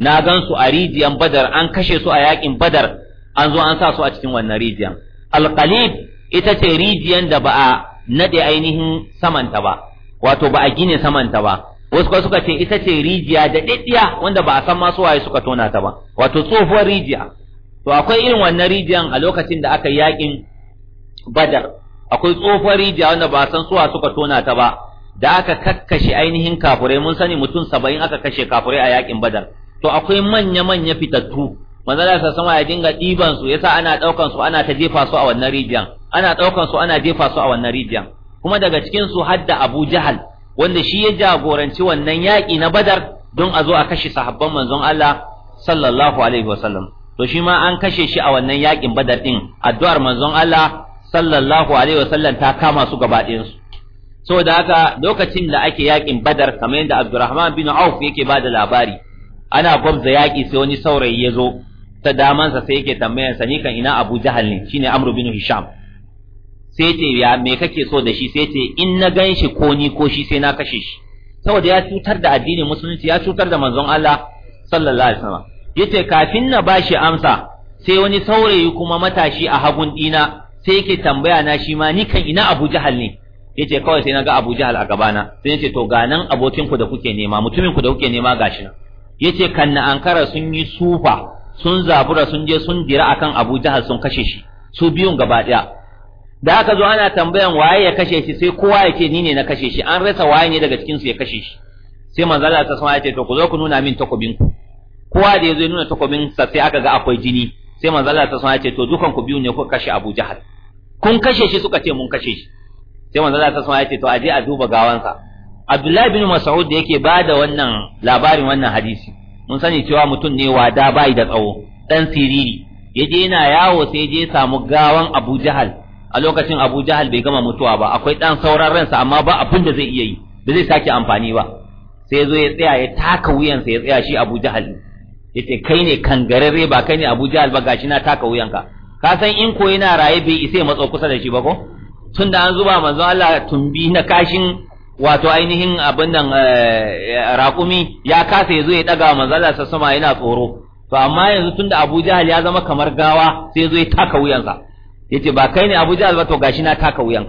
na gan su a rijiyan badar an kashe su a yakin badar an zo an sa su a cikin wannan rijiyan alqalib ita ce rijiyan da ba a nade ainihin samanta ba wato ba a gine samanta ba wasu kuma suka ce ita ce rijiya da daddiya wanda ba a san ma su waye suka tona ta ba wato tsohuwar rijiya to akwai irin wannan rijiyan a lokacin da aka yakin badar akwai tsohuwar rijiya wanda ba a san suwa suka tona ta ba da aka kakkashe ainihin kafurai mun sani mutum saba'in aka kashe kafurai a yakin badar to akwai manya-manya fitattu manzo Allah sama ya dinga diban su yasa ana daukan su ana ta jefa su a wannan rijiyan ana daukan su ana jefa su a wannan rijiyan kuma daga cikin su hadda Abu Jahal wanda shi ya jagoranci wannan yaki na Badar don a zo a kashe sahabban manzon Allah sallallahu alaihi wasallam to shi ma an kashe shi a wannan yakin Badar din addu'ar manzon Allah sallallahu alaihi wasallam ta kama su gaba ɗayan su saboda haka lokacin da ake yakin badar kamar yadda abdurrahman bin auf yake bada labari ana gwabza yaƙi sai wani saurayi ya zo ta damansa sai yake tambayan sa ni kan ina abu jahal ne shine amru bin hisham sai ce ya me kake so da shi sai ce in na ganshi ko ni ko shi sai na kashe shi saboda ya cutar da addinin musulunci ya cutar da manzon Allah sallallahu alaihi wasallam yace kafin na bashi amsa sai wani saurayi kuma matashi a hagun dina sai yake tambaya na shi ma ni kan ina abu jahal ne yace kawai sai naga Abu Jahal a gabana sai yace to ga nan abokin ku da kuke nema mutumin ku da kuke nema gashi nan yace kanna ankara sun yi sufa sun zabura sun je sun dira akan Abu Jahal sun kashe shi su biyun gaba daya da aka zo ana tambayan waye ya kashe shi sai kowa yake ni ne na kashe shi an rasa waye ne daga cikin su ya kashe shi sai manzo Allah ta sama yace to ku zo ku nuna min takobin ku kowa da yazo ya nuna takobin sa sai aka ga akwai jini sai manzo Allah ta sama yace to dukan ku biyun ne ku kashe Abu Jahal kun kashe shi suka ce mun kashe shi sai manzo Allah sallallahu alaihi wasallam ya to aje a duba gawansa Abdullahi bin Mas'ud da yake da wannan labarin wannan hadisi mun sani cewa mutum ne wada bai da tsawo dan siriri yaje yana yawo sai je samu gawan Abu Jahal a lokacin Abu Jahal bai gama mutuwa ba akwai dan sauran ransa amma ba abin da zai iya yi da zai sake amfani ba sai ya zo ya tsaya ya taka wuyansa ya tsaya shi Abu Jahal yace kai ne kangararre ba kai ne Abu Jahal ba gashi na taka wuyanka ka san in ko yana raye bai isa ya matso kusa da shi ba ko tunda an zuba manzon Allah tumbi na kashin wato ainihin abin nan eh, raƙumi ya kasa ya zo ya ɗaga manzon Allah sa sama yana tsoro to amma yanzu tunda Abu Jahal ya zama kamar gawa sai zo ya taka wuyansa yace ba kai ne Abu Jahal ba to gashi na taka wuyan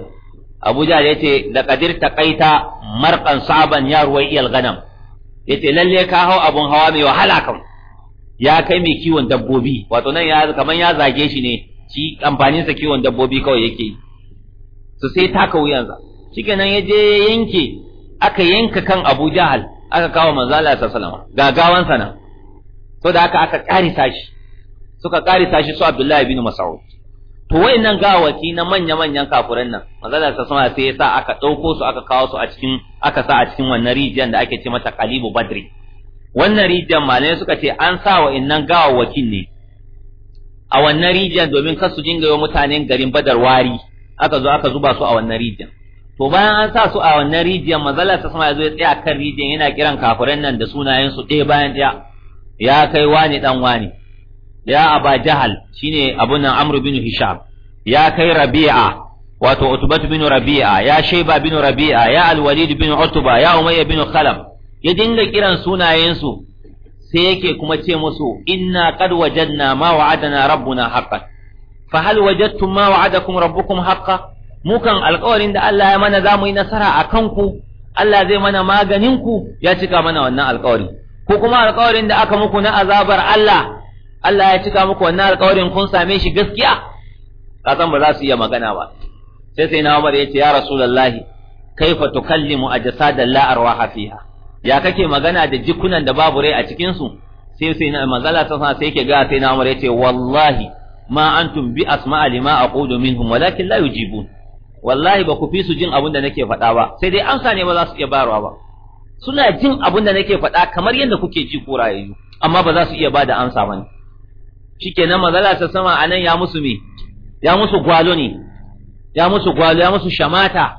Abu Jahal yace laqadir taqaita marqan saban ya ruwai iyal ganam yace lalle ka hau abun hawa mai wahala kan ya kai mai kiwon dabbobi wato nan ya kaman ya zage shi ne shi amfanin sa kiwon dabbobi kawai yake yi to sai taka wuyansa shikenan ya je yanke aka yanka kan Abu Jahal aka kawo manzo Allah sallallahu alaihi wasallam gagawan sana da aka aka karisa shi suka karisa shi su Abdullahi ibn Mas'ud to wayannan gawaki na manya manyan kafuran nan manzo Allah sallallahu alaihi wasallam sai ya sa aka dauko su aka kawo su a cikin aka sa a cikin wannan rijiyar da ake ce mata Qalibu Badri wannan rijiyar malamai suka ce an sa wa innan gawawakin ne a wannan rijiyar domin kar su wa mutanen garin Badar wari aka zo aka zuba su a wannan rijiyar to bayan an sa su a wannan rijiyar manzala ta sama ya zo ya tsaya kan rijiya, yana kiran kafiran nan da sunayen su ɗaya bayan ɗaya ya kai wani dan wani ya aba jahal shine abun nan amr bin hisham ya kai rabi'a wato utbatu bin rabi'a ya shayba bin rabi'a ya alwalid bin utba ya umayya bin khalaf ya dinga kiran sunayen su sai yake kuma ce musu inna qad wajadna ma wa'adana rabbuna haqqan fa hal wajadtum ma wa'adakum rabbukum haqqan mukan alƙawarin da Allah ya mana zamu yi nasara akan ku Allah zai mana maganin ku ya cika mana wannan alƙawari ko kuma alƙawarin da aka muku na azabar Allah Allah ya cika muku wannan alƙawarin kun same shi gaskiya kasan ba za su iya magana ba sai sai na Umar ya ce ya Rasulullahi kaifa tukallimu ajsadan la arwaha fiha ya kake magana da jikunan da babu rai a cikin su sai sai na manzala ta sai yake ga sai na Umar yace wallahi ma antum bi asma'a lima aqulu minhum walakin la yujibun wallahi ba ku fi su jin abin da nake faɗa ba sai dai amsa ne ba za su iya bayarwa ba suna jin abin da nake faɗa kamar yadda kuke ji ko rayayyu amma ba za su iya ba da amsa ba ne shikenan mazala ta sama anan ya musu me ya musu gwalo ne ya musu gwalo ya musu shamata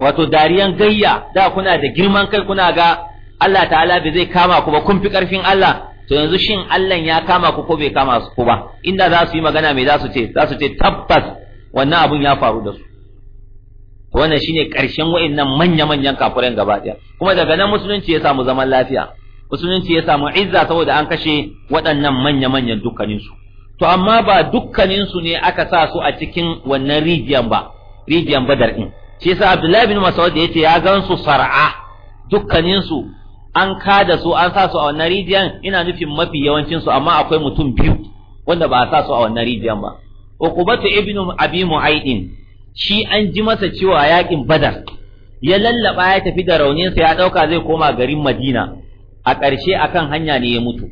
wato dariyan gayya da kuna da girman kai kuna ga Allah ta'ala bai zai kama ku ba kun fi karfin Allah to yanzu shin Allah ya kama ku ko bai kama su ku ba inda za su yi magana mai za su ce za su ce tabbas wannan abun ya faru da su wannan shine karshen wayannan manya-manyan kafiran gaba daya kuma daga nan musulunci ya samu zaman lafiya musulunci ya samu izza saboda an kashe waɗannan manya-manyan dukkanin su to amma ba dukkanin su ne aka sa su a cikin wannan rijiyan ba rijiyan badar din shi yasa Abdullahi bin Mas'ud yace ya gan su sar'a dukkanin su an kada su an sa su a wannan rijiyan ina nufin mafi yawancin su amma akwai mutum biyu wanda ba a sa su a wannan rijiyan ba uqubatu ibnu abi mu'aidin shi an ji masa cewa yakin badar ya lallaba ya tafi da raunin sa ya dauka zai koma garin madina a ƙarshe akan hanya ne ya mutu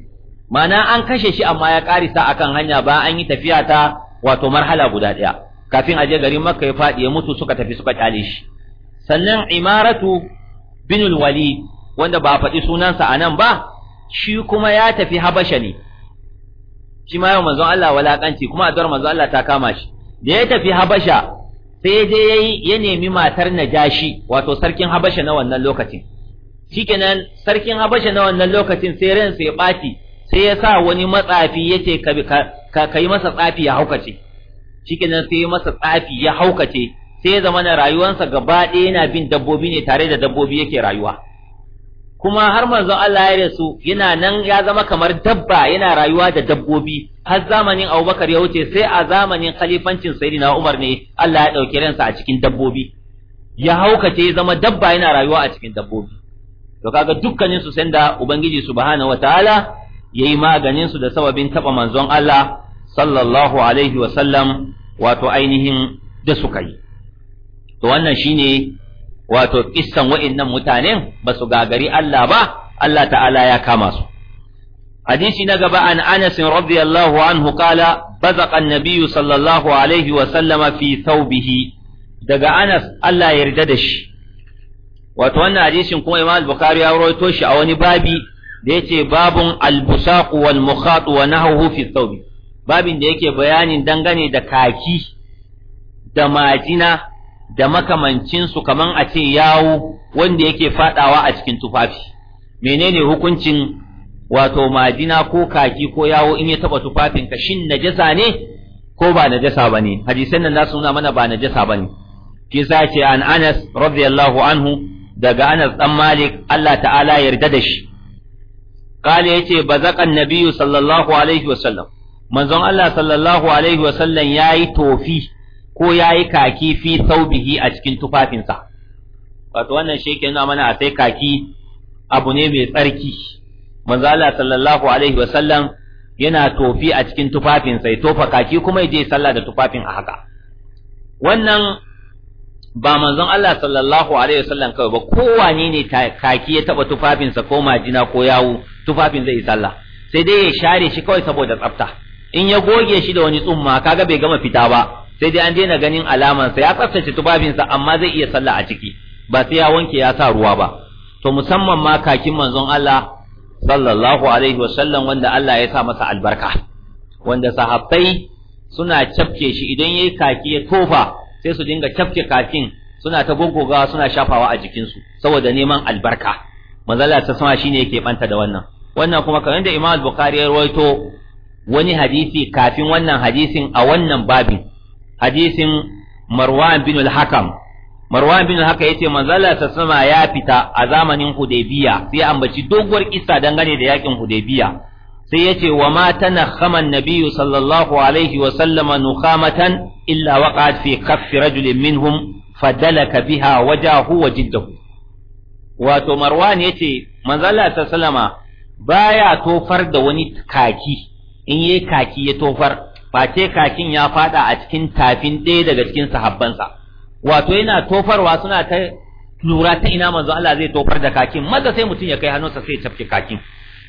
mana an kashe shi amma ya karisa akan hanya ba an yi tafiya ta wato marhala guda ɗaya kafin aje garin makka ya faɗi ya mutu suka tafi suka kyale shi sannan imaratu binul walid wanda ba a faɗi sunansa a nan ba shi kuma ya tafi habasha ne shi ma yau manzon Allah walaƙanci, kuma a manzon Allah ta kama shi da ya tafi habasha sai je yi ya nemi matar najashi wato sarkin habasha na wannan lokacin shikenan sarkin habasha na wannan lokacin sai ransa ya ɓaci sai ya sa wani matsafi yace ka yi masa tsafi ya haukace shikenan sai masa tsafi ya haukace sai ya zama na rayuwarsa gaba ɗaya yana bin dabbobi ne tare da dabbobi yake rayuwa kuma har manzon Allah ya rasu yana nan ya zama kamar dabba yana rayuwa da dabbobi har zamanin Abubakar ya wuce sai a zamanin khalifancin Sayyidina Umar ne Allah ya dauke ransa a cikin dabbobi ya haukace ya zama dabba yana rayuwa a cikin dabbobi to kaga dukkanin su sanda ubangiji subhanahu wataala yayi maganin su da sababin taba manzon Allah sallallahu alaihi wasallam wato ainihin da suka yi to wannan shine wato kissan wa'annan mutanen ba su gagari Allah ba Allah ta'ala ya kama su hadisi na gaba an Anas radiyallahu anhu kala bazaqa an-nabiy sallallahu alaihi wa sallama fi thawbihi daga Anas Allah ya yarda da shi wato wannan hadisin kuma Imam Bukhari ya rawaito shi a wani babi da yace babun al-busaq wal mukhat wa nahwu fi thawbi babin da yake bayanin dangane da kaki da majina da makamancinsu kaman a ce yawo wanda yake fadawa a cikin tufafi menene hukuncin wato majina ko kaki ko yawo in ya taba tufafinka shin najasa ne ko ba najasa bane hadisan nan nasu nuna mana ba najasa bane ne. Kisa ce an Anas radiyallahu anhu daga Anas dan Malik Allah ta'ala yarda da shi kale yace bazaqan nabiyyu sallallahu alaihi wasallam manzon Allah sallallahu alaihi wasallam yayi tofi ko ya yi kaki fi saubihi a cikin tufafinsa wato wannan shi ke nuna mana a sai kaki abu ne mai tsarki Manzala sallallahu alaihi wasallam yana tofi a cikin tufafinsa ya tofa kaki kuma ya je sallah da tufafin a haka wannan ba manzon Allah sallallahu alaihi wasallam kawai ba kowane ne kaki ya taba tufafinsa ko majina ko yawo tufafin zai yi sallah sai dai ya share shi kawai saboda tsafta in ya goge shi da wani tsumma kaga bai gama fita ba sai dai an daina ganin alamansa ya tsaftace tubabinsa amma zai iya sallah a ciki ba sai ya wanke ya sa ruwa ba to musamman ma kakin manzon Allah sallallahu alaihi wasallam wanda Allah ya sa masa albarka wanda sahabbai suna cafke shi idan yayi kaki ya tofa sai su dinga cafke kakin suna ta gogoga suna shafawa a jikinsu saboda neman albarka manzala ta sama shine yake banta da wannan wannan kuma kamar da Imam Bukhari ya rawaito wani hadisi kafin wannan hadisin a wannan babin hadisin Marwan bin al-Hakam Marwan bin al-Hakam yace manzala ta sama ya fita a zamanin Hudaybiya sai ambaci doguwar kissa dangane da yakin Hudaybiya sai yace wa ma tana khaman nabiy sallallahu alaihi wa sallama nukhamatan illa waqa'at fi kaffi rajulin minhum fadalaka biha wajahu wa jiddahu wato Marwan yace manzala ta sallama baya tofar da wani kaki in yayi kaki ya tofar face kakin ya fada a cikin tafin ɗaya daga cikin sahabbansa wato yana tofarwa suna ta lura ta ina manzo Allah zai tofar da kakin maza sai mutum ya kai hannunsa sai ya cafke kakin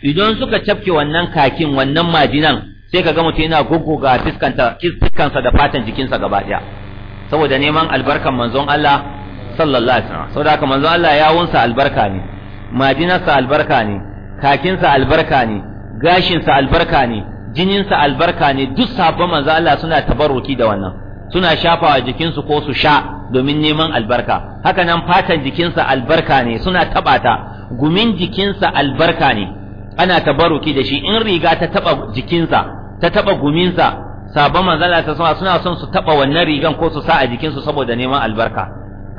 idan suka cafke wannan kakin wannan majinan sai ka ga mutum yana gugguga fiskanta fiskansa da fatan jikinsa gaba daya saboda neman albarkan manzon Allah sallallahu alaihi wasallam saboda haka manzon Allah wunsa albarka ne majinarsa albarka ne kakinsa albarka ne gashinsa albarka ne jininsa albarka ne duk sabon manzo Allah suna tabarruki da wannan suna shafawa jikinsu ko su sha domin neman albarka haka nan fatan jikinsa albarka ne suna tabata gumin jikinsa albarka ne ana tabarruki da shi in riga ta taba jikinsa ta taba guminsa sabon manzo Allah suna suna son su taba wannan rigan ko su sa a jikinsu saboda neman albarka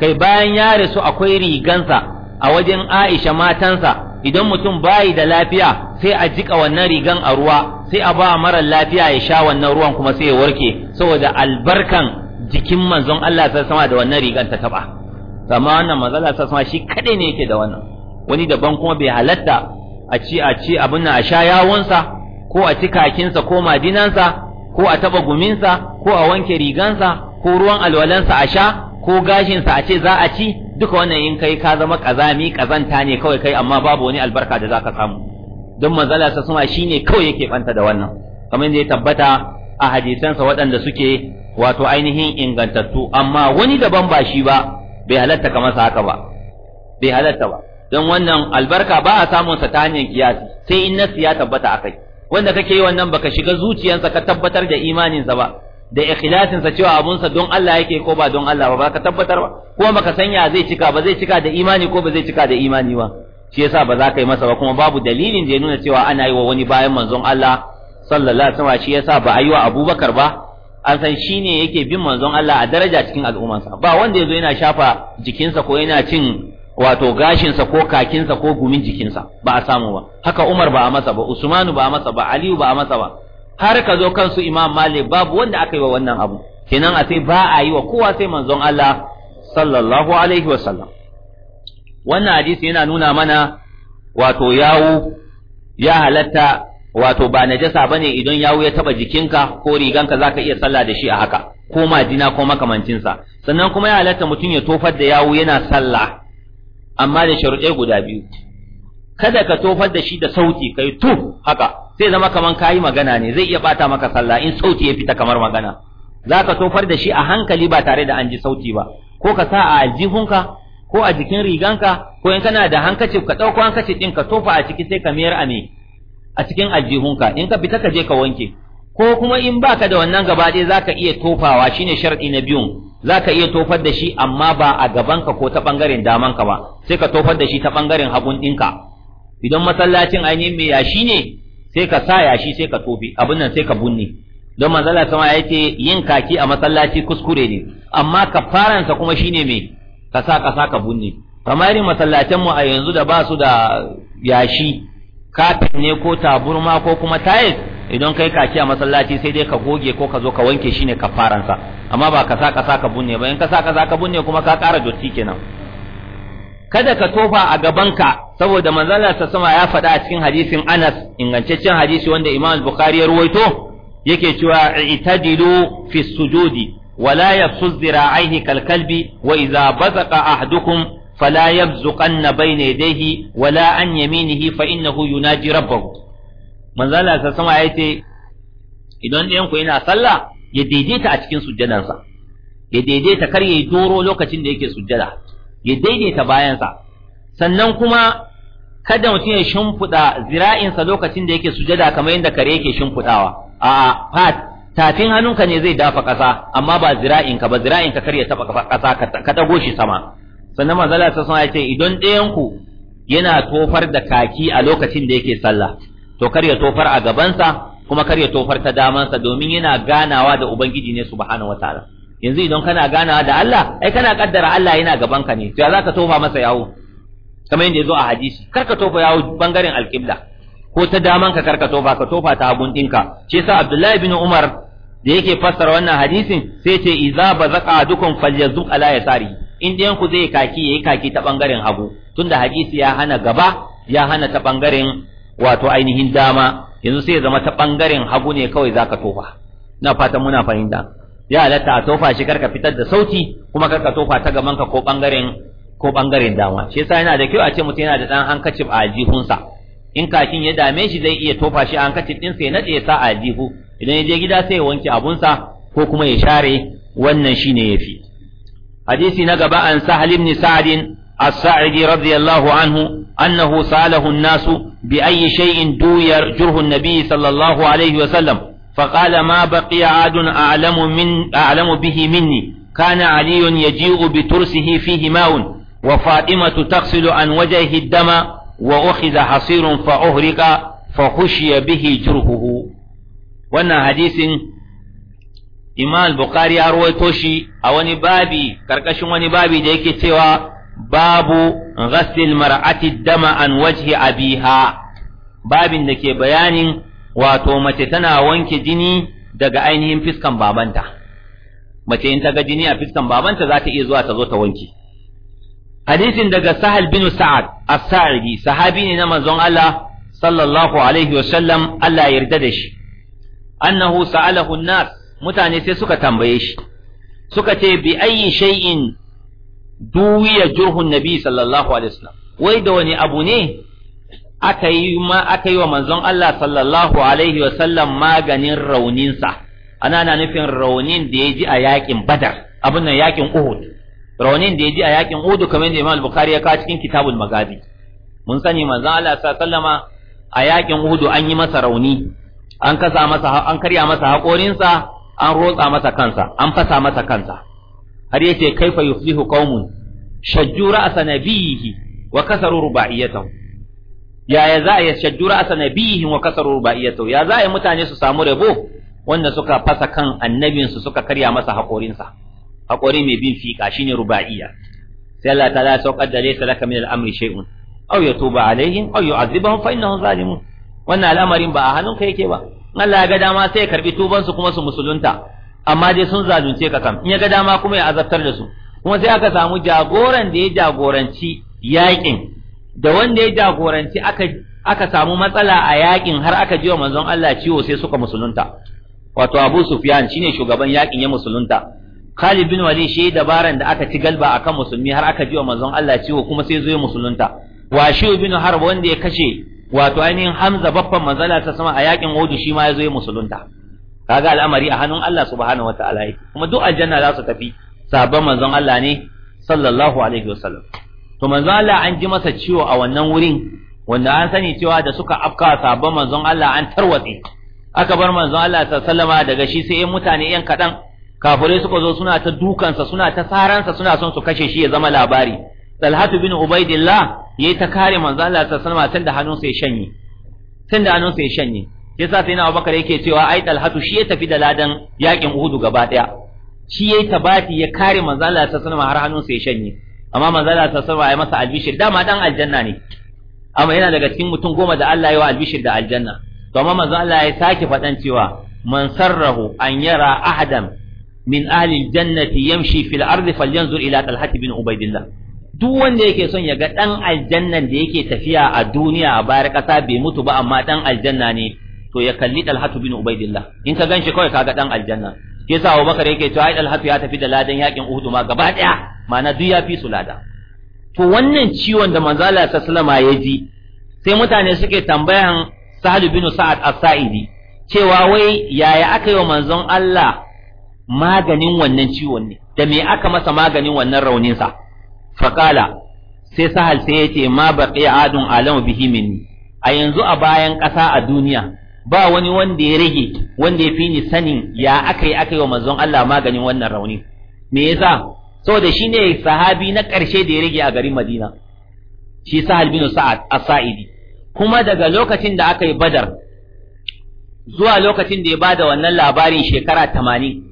kai bayan ya rasu akwai rigansa a wajen Aisha matansa idan mutum bayi da lafiya sai a jika wannan rigan a ruwa sai a ba mara lafiya ya sha wannan ruwan kuma sai ya warke saboda albarkan jikin manzon Allah sai sama da wannan rigan ta taba amma wannan manzon sai sama shi kade ne yake da wannan wani daban kuma bai halatta a ci a ci abin nan a sha yawonsa ko a ci kakinsa ko madinansa ko a taba guminsa ko a wanke rigansa ko ruwan sa a sha ko gashinsa a ce za a ci duka wannan in kai ka zama kazami kazanta ne kawai kai amma babu wani albarka da zaka samu don manzala sa suma ne kawai yake banta da wannan kamar da ya tabbata a hadisansa waɗanda suke wato ainihin ingantattu amma wani daban ba shi ba bai halatta kamar sa haka ba bai halatta ba don wannan albarka ba a samun sa ta hanyar kiyasi sai in nasu ya tabbata a kai. wanda kake yi wannan baka shiga zuciyarsa ka tabbatar da imaninsa ba da ikhlasinsa cewa abunsa don Allah yake ko ba don Allah ba ba ka tabbatar ba kuma baka sanya zai cika ba zai cika da imani ko ba zai cika da imani ba shi yasa ba za ka yi masa ba kuma babu dalilin da ya nuna cewa ana yi wa wani bayan manzon Allah sallallahu alaihi wasallam shi yasa ba a yi wa Abubakar ba an san shi ne yake bin manzon Allah a daraja cikin al'ummarsa ba wanda yazo yana shafa jikinsa ko yana cin wato gashinsa ko kakinsa ko gumin jikinsa ba a samu ba haka Umar ba a masa ba Usmanu ba a masa ba Aliyu ba a masa ba har ka zo kansu Imam Malik babu wanda aka yi wa wannan abu kenan a sai ba a yi wa kowa sai manzon Allah sallallahu alaihi wasallam wannan hadisi yana nuna mana wato yawo ya halatta wato ba najasa bane idan yawo ya taba jikinka ko riganka zaka iya sallah da shi a haka ko majina ko makamancin sa sannan kuma ya halatta mutum ya tofar da yawo yana sallah amma da sharuɗe guda biyu kada ka tofar da shi da sauti kai tu haka sai zama kaman kayi magana ne zai iya bata maka sallah in sauti ya fita kamar magana zaka tofar da shi a hankali ba tare da an ji sauti ba ko ka sa a aljihunka ko a jikin riganka ko in kana da hankaci ka ɗauko hankaci ɗin ka tofa a ciki sai ka mayar a me a cikin aljihunka in ka fita ka je ka wanke ko kuma in baka da wannan gaba ɗaya zaka iya tofawa shine sharɗi na biyun zaka iya tofar da shi amma ba a gabanka ko ta ɓangaren damanka ba sai ka tofar da shi ta ɓangaren hagun ɗinka idan masallacin ainihin mai yashi ne sai ka sa yashi sai ka tofi abin nan sai ka bunne don manzala sama ya ce yin kaki a masallaci kuskure ne amma ka kafaransa kuma shine mai ka sa ƙasa ka bunne kamar irin masallacen mu a yanzu da ba su da yashi kafin ne ko taburma ko kuma tayis idan kai kaci a masallaci sai dai ka goge ko ka zo ka wanke shi ne kafaransa amma ba ka sa ƙasa ka bunne ba in ka sa ƙasa ka bunne kuma ka ƙara dotti kenan kada ka tofa a gaban ka saboda manzala ta sama ya faɗa a cikin hadisin Anas ingantaccen hadisi wanda Imam Bukhari ya ruwaito yake cewa itadilu fi sujudi wala يبسط ذراعيه كالكلب wa بزق bazaqa فلا fala yabzuqanna bayna yadayhi wala an yaminihi fa innahu yunaji rabbahu manzo سمع sa sama yace idan ɗayan ku yana sallah ya daidaita a cikin sujjadansa ya daidaita kar yayi doro lokacin da yake sujjada ya daidaita bayansa sannan kuma kada mutum ya shimfiɗa zira'insa lokacin da yake sujada kamar yadda kare yake shimfiɗawa a fat tafin hannunka ne zai dafa ƙasa amma ba zira'inka ba zira'inka kar ya taɓa ƙasa ka ɗago shi sama sannan manzala ta sun ce idan ɗayan ku yana tofar da kaki a lokacin da yake sallah to kar ya tofar a gabansa kuma kar ya tofar ta damansa domin yana ganawa da ubangiji ne subhanahu wataala yanzu idan kana ganawa da Allah ai kana kaddara Allah yana gabanka ne to ya zaka tofa masa yawo kamar yadda yazo a hadisi kar ka tofa yawo bangaren alqibla ko ta damanka kar ka tofa ka tofa ta hagun ɗinka shi yasa Abdullahi bin Umar da yake fassara wannan hadisin sai ce idza bazaqa dukum falyazuk ala yasari in ɗayan ku zai kaki yayi kaki ta bangaren hagu tunda hadisi ya hana gaba ya hana ta bangaren wato ainihin dama yanzu sai ya zama ta bangaren hagu ne kawai zaka tofa na fatan muna fahimta ya halatta a tofa shi karka fitar da sauti kuma karka tofa ta gaban ka ko bangaren ko bangaren dama shi yasa yana da kyau a ce mutum yana da dan hankacin a aljihunsa in kakin ya dame shi zai iya tofa shi a hankacin ɗinsa ya naɗe ya sa a aljihu idan ya je gida sai ya wanke abunsa ko kuma ya share wannan shine yafi hadisi na gaba an sahal ibn sa'd as-sa'idi radiyallahu anhu annahu salahu nasu bi ayyi shay'in duyar jurhu an-nabi sallallahu alaihi wa sallam فقال ما بقي عاد أعلم, من أعلم به مني كان علي يجيء بترسه فيه ماء وفاطمة تغسل عن وجهه الدم وأخذ حصير فأهرق فخشي به جرهه wannan hadisin Imam Bukhari ya rawaito shi a wani babi karkashin wani babi da yake cewa babu ghassil mar'ati dama an wajhi abiha babin da ke bayanin wato mace tana wanke jini daga ainihin fiskan babanta mace in ta ga jini a fiskan babanta za ta iya zuwa ta zo ta wanke hadisin daga sahal bin sa'ad as-sa'idi sahabi ne na manzon Allah sallallahu alaihi wasallam Allah ya yarda da shi annahu sa'alahu an-nas mutane sai suka tambaye shi suka ce bi ayyi shay'in duwiya jurhun nabi sallallahu alaihi wasallam wai da wani abu ne aka yi ma aka yi wa manzon Allah sallallahu alaihi wasallam maganin rauninsa ana na nufin raunin da ya ji a yakin badar abin nan yakin uhud raunin da ya ji a yakin uhud kamar da imam al-bukhari ya kawo cikin kitabul magazi mun sani manzon Allah sallallahu alaihi wasallama a yakin uhud an yi masa rauni an kasa masa an karya masa haƙorinsa an rotsa masa kansa an fasa masa kansa har yace kaifa yuflihu qaumun shajju ra'sa nabiyhi wa kasaru ruba'iyatahu yaya za ya shajju ra'sa nabiyhi wa kasaru ruba'iyatahu ya za ya mutane su samu rabo wanda suka fasa kan annabin su suka karya masa haƙorinsa haƙori mai bin fiƙa shine ruba'iyya sai Allah ta ya saukar da laysa laka min al-amri shay'un aw yatuba alaihim aw yu'adhibahum fa innahum zalimun wannan al'amarin ba a hannunka yake ba Allah ya ga dama sai ya karbi tuban su kuma su musulunta amma dai sun zalunce ka kam in ya ga dama kuma ya azabtar da su kuma sai aka samu jagoran da ya jagoranci yaƙin da wanda ya jagoranci aka aka samu matsala a yaƙin har aka ji wa manzon Allah ciwo sai suka musulunta wato Abu Sufyan shine shugaban yaƙin ya musulunta Khalid bin Walid shi dabaran da aka ci galba akan musulmi har aka ji wa manzon Allah ciwo kuma sai zo ya musulunta Washi bin Harb wanda ya kashe wato ainihin Hamza babban manzala ta sama a yakin Uhud shi ma zo ya musulunta kaga al'amari a hannun Allah subhanahu wataala yake kuma duk aljanna za su tafi sabon manzon Allah ne sallallahu alaihi wasallam to manzon Allah an ji masa ciwo a wannan wurin wanda an sani cewa da suka afka sabon manzon Allah an tarwatse aka bar manzon Allah sallama daga shi sai mutane yan kadan kafirai suka zo suna ta dukansa suna ta saransa suna son su kashe shi ya zama labari Talhatu bin Ubaidillah yayi ta kare manzo Allah sallallahu alaihi wasallam tunda hannunsa ya shanye tunda hannunsa ya shanye sai sa sai na Abubakar yake cewa ai Talhatu shi ya tafi da ladan yakin Uhud gaba daya shi yayi tabati ya kare manzo Allah sallallahu alaihi wasallam har hannunsa ya shanye amma manzo Allah sallallahu alaihi ya masa albishir dama dan aljanna ne amma yana daga cikin mutum goma da Allah ya wa albishir da aljanna to amma manzo Allah ya sake faɗan cewa man sarrahu an yara ahadan min ahli aljannati yamshi fil ardi falyanzur ila Talhat bin Ubaidillah duk wanda yake son ya ga ɗan aljannan da yake tafiya a duniya a bayar ƙasa bai mutu ba amma ɗan aljanna ne to ya kalli ɗalhatu bin Ubaidillah in ka ganshi kawai ka ga ɗan aljanna ke sa Abubakar yake cewa ai ɗalhatu ya tafi da ladan yaƙin uhudu ma gaba ɗaya, ma'ana duk ya fi su lada to wannan ciwon da manzo Allah sallama ya ji sai mutane suke tambayan Sahal bin Sa'ad As-Sa'idi cewa wai yaya aka yi wa manzon Allah maganin wannan ciwon ne da me aka masa maganin wannan rauninsa? sa faƙala sai sahal sai ya ce ma baƙi adun alamu bihi minni a yanzu a bayan ƙasa a duniya ba wani wanda ya rage wanda ya fi ni sanin ya aka yi wa manzon Allah maganin wannan rauni me yasa saboda shine sahabi na ƙarshe da ya rage a garin Madina shi Sahal bin Sa'ad As-Sa'idi kuma daga lokacin da aka yi Badar zuwa lokacin da ya bada wannan labarin shekara 80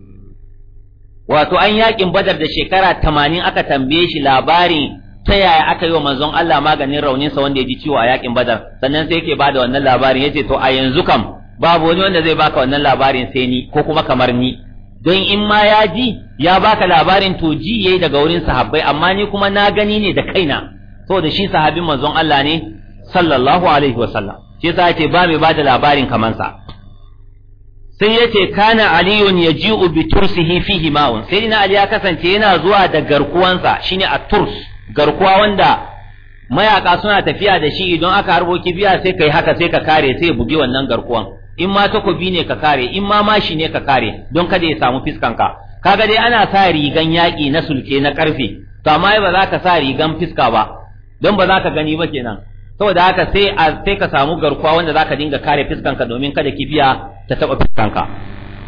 wato an yakin badar da shekara tamanin aka tambaye shi labari ta yaya aka yi wa manzon Allah maganin rauninsa wanda ya ji ciwo a yakin badar sannan sai yake bada wannan labarin yace to a yanzu kam babu wani wanda zai baka wannan labarin sai ni ko kuma kamar ni don in ma ya ji ya baka labarin to ji yayi daga wurin sahabbai amma ni kuma na gani ne da kaina saboda shi sahabin manzon Allah ne sallallahu alaihi wasallam shi yasa yace ba mai bada labarin sa sai yace kana aliyun yaji'u bi tursihi fihi ma'un sai ina ali ya kasance yana zuwa da garkuwansa shine a turs garkuwa wanda mayaka suna tafiya da shi idan aka harbo kibiya sai kai haka sai ka kare sai ya bugi wannan garkuwan in ma takobi ne ka kare in ma mashi ne ka kare don kada ya samu fiskanka kaga dai ana sa rigan yaki na sulke na karfe to amma ba za ka sa rigan fiska ba don ba za ka gani ba kenan saboda haka sai sai ka samu garkuwa wanda za ka dinga kare fiskan ka domin kada ki kibiya ta taba fiskanka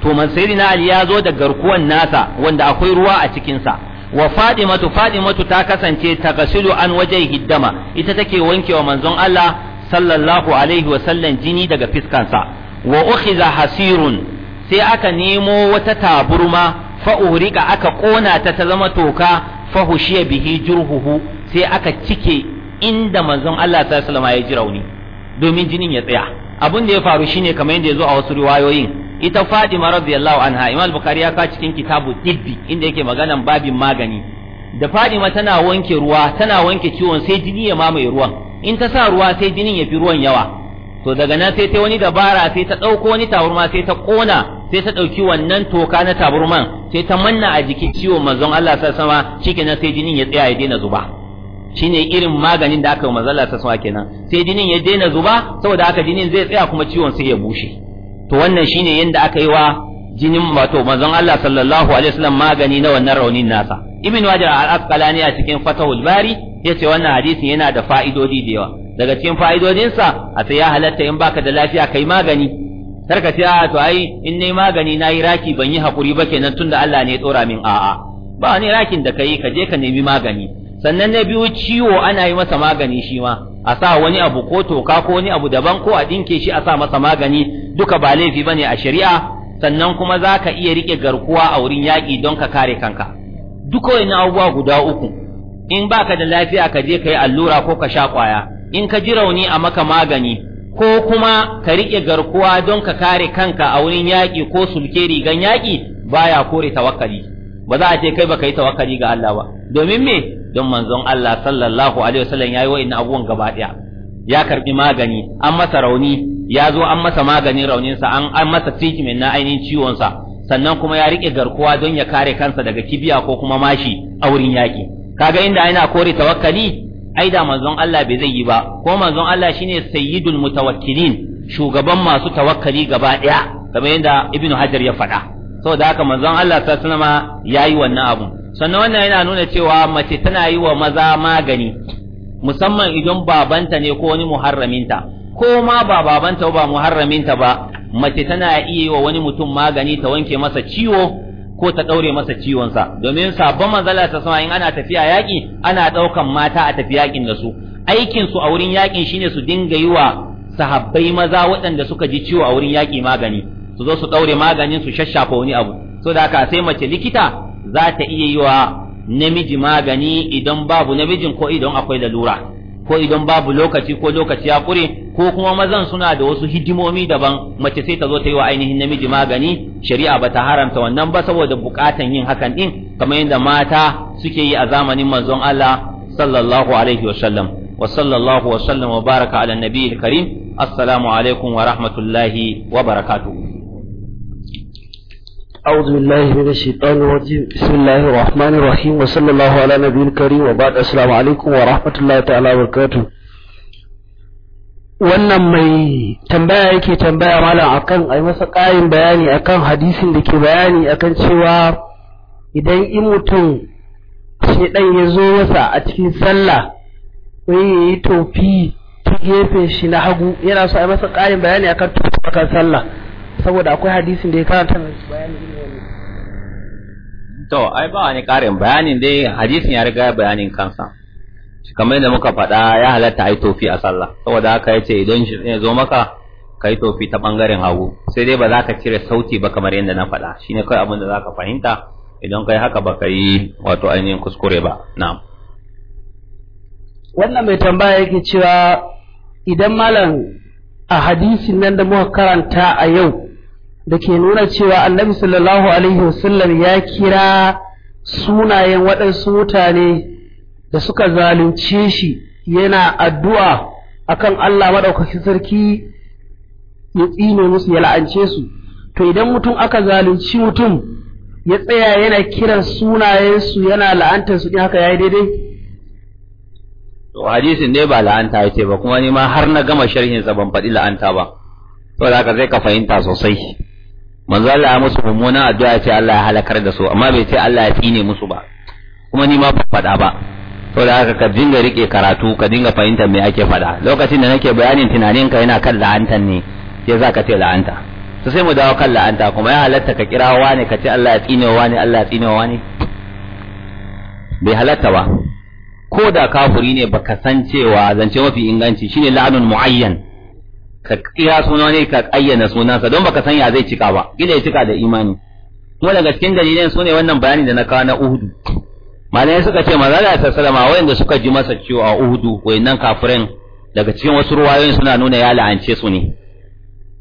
to man ali ya zo da garkuwan nasa wanda akwai ruwa a cikinsa wa fadimatu fadimatu ta kasance ta tagasilu an waje hiddama ita take wanke wa manzon Allah sallallahu alaihi wa sallam jini daga fiskansa wa ukhiza hasirun sai aka nemo wata taburma fa urika aka kona ta ta zama toka fa hushiya bihi jurhuhu sai aka cike inda manzon Allah sallallahu alaihi wa sallam ya ji rauni domin jinin ya tsaya Abin da ya faru shine kamar yadda ya zo a wasu riwayoyin ita Fatima radiyallahu anha Imam Bukhari ya ka cikin kitabu Tibbi inda yake maganan babin magani da Fatima tana wanke ruwa tana wanke ciwon sai jini ya mamaye ruwan in ta sa ruwa sai jinin ya fi ruwan yawa to daga nan sai ta wani dabara sai ta ɗauko wani taburma sai ta ƙona sai ta ɗauki wannan toka na taburman sai ta manna a jikin ciwon manzon Allah sallallahu alaihi wasallam sai jinin ya tsaya ya daina zuba shine irin maganin da aka yi manzala ta sama kenan sai jinin ya daina zuba saboda haka jinin zai tsaya kuma ciwon sai ya bushe to wannan shine yanda aka yi wa jinin wato manzon Allah sallallahu alaihi wasallam magani na wannan raunin nasa ibn wajir al-asqalani a cikin fatahul bari yace wannan hadisin yana da fa'idodi da yawa daga cikin fa'idodinsa a sai ya halatta in baka da lafiya kai magani kar ce a to ai in nayi magani nayi raki ban yi hakuri ba kenan tunda Allah ne ya dora min a'a ba wani rakin da kai ka je ka nemi magani sannan na biyu ciwo ana yi masa magani shi ma a sa wani abu ko toka ko wani abu daban ko a dinke shi a sa masa magani duka ba laifi ba ne a shari'a sannan kuma za ka iya rike garkuwa a wurin yaƙi don ka kare kanka duka wani abubuwa guda uku in ba ka da lafiya ka je ka yi allura ko ka sha ƙwaya in ka ji rauni a maka magani ko kuma ka rike garkuwa don ka kare kanka a wurin yaƙi ko sulke rigan yaƙi baya kore tawakkali ba za a ce kai baka yi tawakkali ga Allah ba domin me don manzon Allah sallallahu alaihi wasallam yayi wa'annan abubuwan gaba daya ya karbi magani an masa rauni ya zo an masa maganin rauninsa an an masa treatment na ainihin ciwon sa, sannan kuma ya rike garkuwa don ya kare kansa daga kibiya ko kuma mashi a wurin yaki kaga inda yana kore tawakkali ai da manzon Allah bai zai yi ba ko manzon Allah shine sayyidul mutawakkilin shugaban masu tawakkali gaba daya kamar yadda ibnu hajar ya faɗa saboda haka manzon Allah sallallahu alaihi wasallam yayi wannan abu sannan wannan yana nuna cewa mace tana yi wa maza magani musamman idan babanta ne ko wani muharraminta ko ma ba babanta ba muharraminta ba mace tana iya yi wa wani mutum magani ta wanke masa ciwo ko ta ɗaure masa ciwonsa domin sabon manzala ta sama in ana tafiya yaƙi ana ɗaukan mata a tafi yaƙin da su aikin su a wurin yaƙin shine su dinga yi wa sahabbai maza waɗanda suka ji ciwo a wurin yaƙi magani su zo su ɗaure maganin su shashafa wani abu so da haka sai mace likita za ta iya yi wa namiji magani idan babu namijin ko idan akwai lalura ko idan babu lokaci ko lokaci ya kure ko kuma mazan suna da wasu hidimomi daban mace sai ta zo ta yi wa ainihin namiji magani shari'a bata haramta wannan ba saboda bukatan yin hakan din kamar yadda mata suke yi a zamanin manzon Allah sallallahu alaihi sallam wa sallallahu wa sallam wa baraka ala nabiyil karim assalamu alaikum wa rahmatullahi wa barakatuh أعوذ بالله من الشيطان الرجيم بسم الله الرحمن الرحيم وصلى الله على نبي الكريم وبعد السلام عليكم ورحمة الله تعالى وبركاته wannan mai tambaya yake tambaya malam akan ai masa ƙarin bayani akan hadisin da ke bayani akan cewa idan in mutum shedan ya zo masa a cikin sallah sai ya yi tofi ta gefen shi na hagu yana so ai masa ƙarin bayani akan tofi akan sallah saboda akwai hadisin da ya karanta bayanin to ai ba wani karin bayanin dai hadisin ya riga bayanin kansa kamar yadda muka faɗa ya halatta a yi tofi a sallah saboda haka ya ce idan shi zo maka yi tofi ta ɓangaren hagu sai dai ba za ka cire sauti ba kamar yadda na faɗa shine kai abin da za ka fahimta idan kai haka ba ka yi wato ainihin kuskure ba na'am wannan mai tambaya yake cewa idan malam a hadisin nan da muka karanta a yau da ke nuna cewa annabi sallallahu alaihi wasallam ya kira sunayen waɗansu mutane da suka zalunce shi yana addu'a akan Allah maɗaukakin sarki ya tsine musu ya la'ance su to idan mutum aka zalunci mutum ya tsaya yana kiran sunayensu yana la'antar su haka ya yi daidai to hadisin ne ba la'anta ya ce ba kuma ni ma har na gama sharhin sa ban faɗi la'anta ba saboda haka zai ka fahimta sosai manzo Allah ya musu mummuna addu'a ya ce Allah ya halakar da su amma bai ce Allah ya tsine musu ba kuma ni ma ba faɗa ba saboda haka ka dinga rike karatu ka dinga fahimtar me ake faɗa lokacin da nake bayanin tunanin ka yana kan la'antar ne sai zaka ce la'anta to sai mu dawo kan la'anta kuma ya halatta ka kira ne ka ce Allah ya tsine ne? Allah ya tsine ne? bai halatta ba ko da kafuri ne baka san cewa zance mafi inganci shine la'anun muayyan ka kira suna ne ka ayyana sunansa don baka san ya zai cika ba gina ya cika da imani kuma daga cikin dalilan sune wannan bayani da na kawo na Uhudu malai suka ce maza da sallama wayanda suka ji masa ciwo a Uhudu wayannan kafirin daga cikin wasu ruwayoyin suna nuna ya la'ance su ne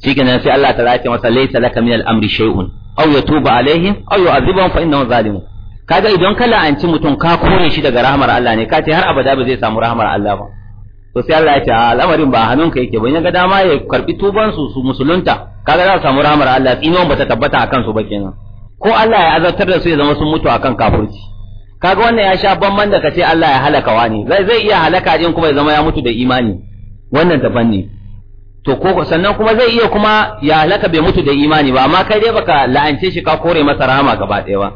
shikenan sai Allah ta ce masa laysa laka min al-amri shay'un aw yatuba alaihim aw yu'adhibahum fa innahum zalimun kaga idan ka la'anci mutum ka kore shi daga rahmar Allah ne ka ce har abada ba zai samu rahmar Allah ba to sai Allah ya ce al'amarin ba hannunka yake ba ga dama ya karbi tuban su su musulunta kaga za su samu rahmar Allah tsinon bata tabbata akan su ba kenan ko Allah ya azabtar da su ya zama sun mutu akan kafirci kaga wannan ya sha bamban da ce Allah ya halaka wani zai zai iya halaka din kuma ya zama ya mutu da imani wannan daban ne to ko sannan kuma zai iya kuma ya halaka bai mutu da imani ba amma kai dai baka la'ance shi ka kore masa rahama gaba ɗaya ba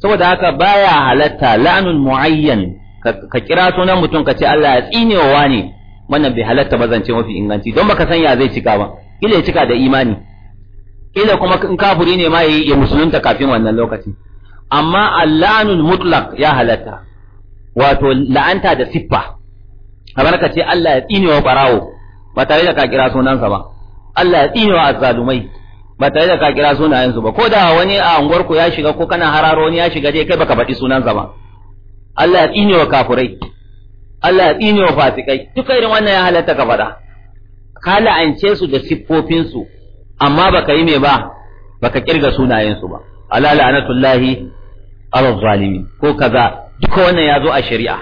saboda haka baya halatta la'anun muayyan ka kira sunan mutum ka ce Allah ya tsine wa wani wannan bai halatta ba zance mafi inganci don baka san ya zai cika ba kila ya cika da imani kila kuma in kafuri ne ma ya musulunta kafin wannan lokaci amma allanul mutlaq ya halatta wato la'anta da siffa kamar ka ce Allah ya tsine wa barawo ba tare da ka kira sa ba Allah ya tsine wa azzalumai ba tare da ka kira sunayensu ba ko da wani a unguwarku ya shiga ko kana hararo wani ya shiga dai kai baka faɗi sa ba Allah ya tsine wa kafurai Allah ya tsine wa fasikai duka irin wannan ya halatta ka faɗa ka la'ance su da siffofin su amma baka yi me ba baka kirga sunayen su ba ala la'anatullahi ala zalimin ko kaza duka wannan ya zo a shari'a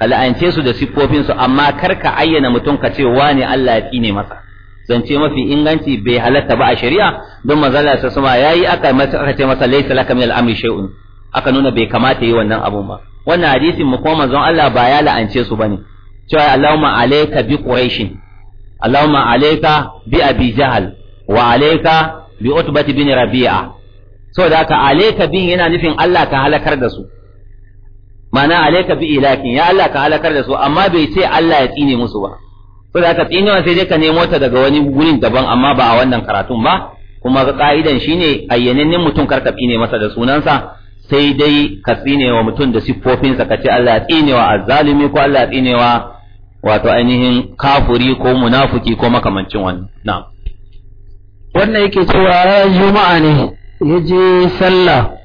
ka la'ance su da siffofin su amma kar ka ayyana mutum ka ce Wani Allah ya tsine masa zance mafi inganci bai halatta ba a shari'a don manzala sa sama yayi aka aka ce masa laysa laka min al-amri shay'un aka nuna bai kamata yi wannan abun ba wannan hadisin mu kuma manzon Allah ba ya la'ance su bane cewa Allahumma alayka bi quraish Allahumma alayka bi abi jahl wa alayka bi utbati bin rabi'a so da ka alayka bin yana nufin Allah ka halakar da su ma'ana alayka bi ilakin ya Allah ka halakar da su amma bai ce Allah ya tsine musu ba so da ka wa sai dai ka nemo ta daga wani gurin daban amma ba a wannan karatun ba kuma ka'idan shine ayyanannen mutum karka tsine masa da sunansa sai dai ka tsine wa mutum da siffofinsa ka ce Allah ya tsine wa azzalimi ko Allah ya tsine wato ainihin kafuri ko munafuki ko makamancin wannan wannan yake cewa juma'a ne ya je sallah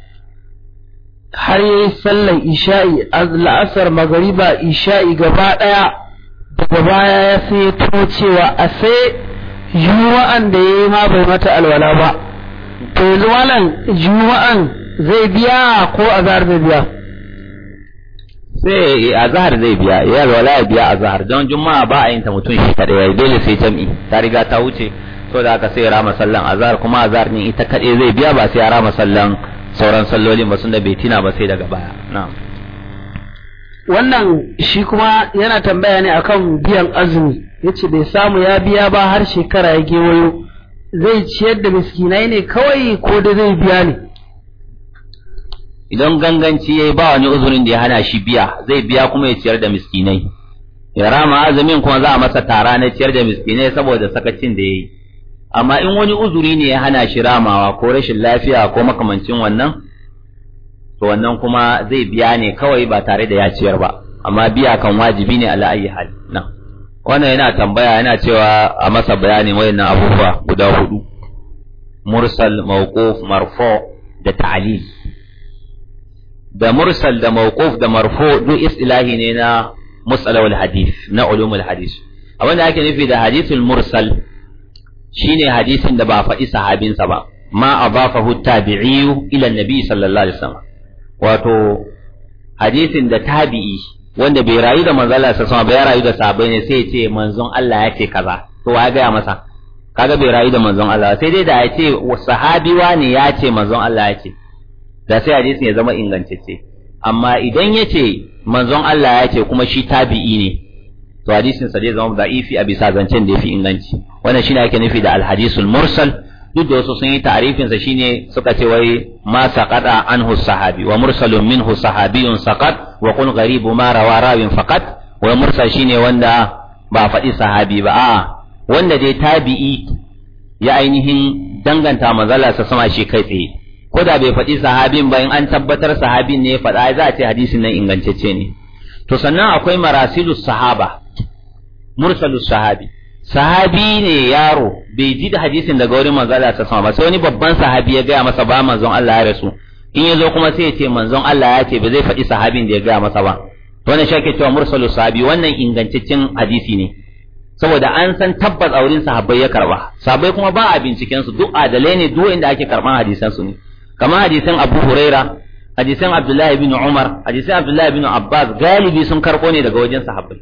har yi sallar isha'i la'asar magariba isha'i gaba ɗaya daga baya ya feto cewa a sai juma'an da ya yi ma bai mata alwala ba to yanzu malam juma'an zai biya ko Azahar zai biya sai azhar zai biya ya wala ya biya Azahar. don juma'a ba a yin ta mutum shi kadai dole sai jam'i ta riga ta wuce to da aka sai ya rama sallan Azahar. kuma Azahar ne ita kadai zai biya ba sai ya rama sallan sauran sallolin ba sun da bai tina ba sai daga baya wannan shi kuma yana tambaya ne akan biyan azumi yace bai samu ya biya ba har shekara ya gewayo zai ciyar da miskinai ne kawai ko da zai biya ne idan ganganci yayi ba wani uzurin da ya hana shi biya zai biya kuma ya ciyar da miskinai ya rama azumin kuma za a masa tara na ciyar da miskinai saboda sakacin da yayi amma in wani uzuri ne ya hana shi ramawa ko rashin lafiya ko makamancin wannan to wannan kuma zai biya ne kawai ba tare da ya ciyar ba amma biya kan wajibi ne ala ayi hal na wannan yana tambaya yana cewa a masa bayani wayannan abubuwa guda hudu mursal mawquf marfu da ta'lil da mursal da mawquf da marfu duk istilahi ne na musalawul hadith na ulumul hadith abin da ake nufi da hadithul mursal shine hadisin da ba faɗi sahabinsa ba ma adafahu tabi'iyu ila nabi sallallahu alaihi wasallam wato hadisin da tabi'i wanda bai rayu da manzala Allah sama bai rayu da sahabbai ne sai ya ce manzon Allah ya ce kaza to wa ga masa kaga bai rayu da manzon Allah sai dai da ya ce sahabi wani ya ce manzon Allah ya ce da sai hadisin ya zama ingantacce amma idan ya ce manzon Allah ya ce kuma shi tabi'i ne to hadisin sa zai zama da'ifi a bisa zancen da yafi inganci wannan shine ake nufi da alhadisul mursal duk da wasu sun yi ta'arifin sa shine suka ce wai ma saqata anhu sahabi wa mursalun minhu sahabiyun saqat wa qul gharibu ma rawa rawin faqat wa mursal shine wanda ba faɗi sahabi ba a'a wanda dai tabi'i ya ainihin danganta manzala sa sama shi kai tsaye ko da bai faɗi sahabin ba in an tabbatar sahabin ne ya faɗa za a ce hadisin nan ingantacce ne to sannan akwai marasilus sahaba mursalus sahabi sahabi ne yaro bai ji da hadisin daga wurin manzo Allah ta sama ba sai wani babban sahabi ya gaya masa ba manzon Allah ya rasu in ya zo kuma sai ya ce manzon Allah ya ce ba zai faɗi sahabin da ya gaya masa ba wannan shi ake cewa mursalus sahabi wannan ingantaccen hadisi ne saboda an san tabbas a wurin sahabbai ya karba sahabbai kuma ba a binciken su duk adalai ne duk inda ake karban hadisan su ne kamar hadisan Abu Huraira hadisan Abdullahi ibn Umar hadisan Abdullahi ibn Abbas galibi sun karbo ne daga wajen sahabbai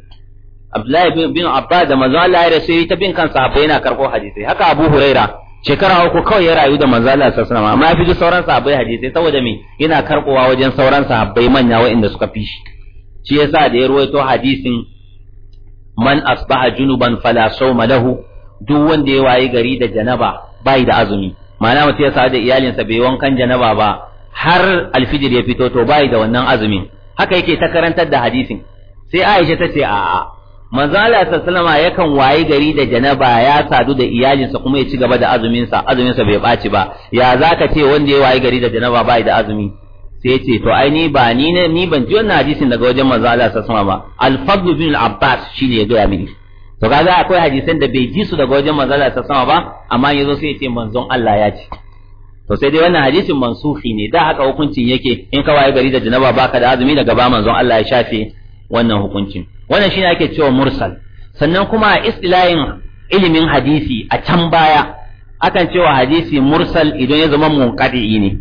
Abdullahi ibn Abbas da manzo Allah ya rasu ta bin kan sahabbai yana karbo hadisai haka Abu Huraira shekara uku kawai ya rayu da manzo Allah sallallahu alaihi wasallam amma fi sauran sahabbai hadisai saboda me yana karbowa wajen sauran sahabbai manya waɗanda suka fi shi shi yasa da ya ruwaito hadisin man asbaha junuban fala sawma lahu duk wanda ya wayi gari da janaba bai da azumi ma'ana mutum ya sa da iyalinsa bai wankan janaba ba har alfijir ya fito to bai da wannan azumin haka yake ta karantar da hadisin sai Aisha ta ce a manzo Allah sallama yakan wayi gari da janaba ya sadu da iyalinsa kuma ya ci gaba da azumin sa azumin sa bai baci ba ya zaka ce wanda ya wayi gari da janaba bai da azumi sai ce to ai ni ba ni ne ni ban ji wannan hadisin daga wajen manzo Allah sallama ba al-fadl bin al-abbas shine ya ga mini to kaga akwai hadisan da bai ji su daga wajen manzala ta sama ba amma yazo sai ya ce manzon Allah ya ce to sai dai wannan hadisin mansuhi ne da haka hukuncin yake in ka waye gari da janaba baka da azumi daga ba manzon Allah ya shafe wannan hukuncin wannan shine ake cewa mursal sannan kuma a istilahin ilimin hadisi a can baya akan cewa hadisi mursal idan ya zama munqadi ne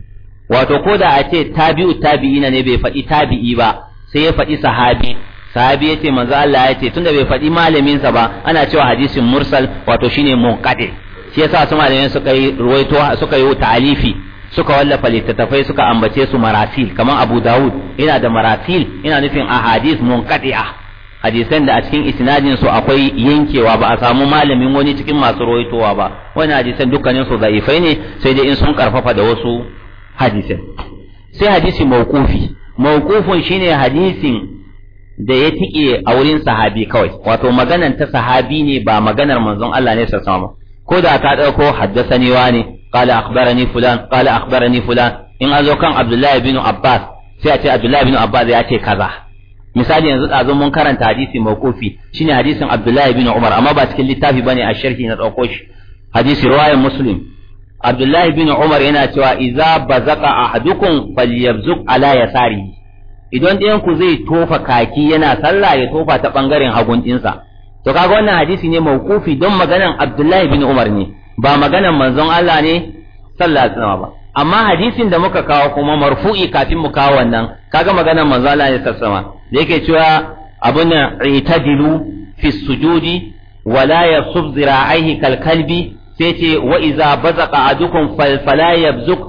wato ko da a ce tabi'u tabi'ina ne bai faɗi tabi'i ba sai ya faɗi sahabi sahabi ya yace manzo Allah yace tunda bai faɗi malamin sa ba ana cewa hadisin mursal wato shine munqati shi yasa su malamin suka yi ruwaito suka yi ta'alifi suka wallafa littattafai suka ambace su marasil kamar Abu Dawud ina da marasil ina nufin ahadis munqati'a hadisan da a cikin isnadin su akwai yankewa ba a samu malamin wani cikin masu ruwaitowa ba wannan hadisan dukkanin su da'ifai ne sai dai in sun karfafa da wasu hadisan sai hadisi mawqufi mawqufun shine hadisin da ya tike a wurin sahabi kawai wato maganar ta sahabi ne ba maganar manzon Allah ne sallallahu alaihi ko da ka dauko haddasani wani qala akhbarani fulan qala akhbarani fulan in azo kan Abdullahi bin Abbas sai a ce Abdullahi bin Abbas ya ce kaza misali yanzu ɗazun mun karanta hadisi mawqufi shine hadisin Abdullahi bin Umar amma ba cikin littafi bane a sharhi na ɗauko shi hadisi riwayar Muslim Abdullahi bin Umar yana cewa idza bazaqa ahadukum falyabzuq ala yasarihi idan ɗayan ku zai tofa kaki yana sallah ya tofa ta ɓangaren hagun ɗinsa to kaga wannan hadisi ne mawqufi don maganan Abdullahi bin Umar ne ba maganan manzon Allah ne sallallahu alaihi wasallam ba amma hadisin da muka kawo kuma marfu'i kafin mu kawo wannan kaga maganan manzon Allah ne sallallahu alaihi wasallam da yake cewa abuna itadilu fi sujudi wala yasub zira'ihi kal kalbi sai ce wa iza bazaqa adukum fal fala yabzuq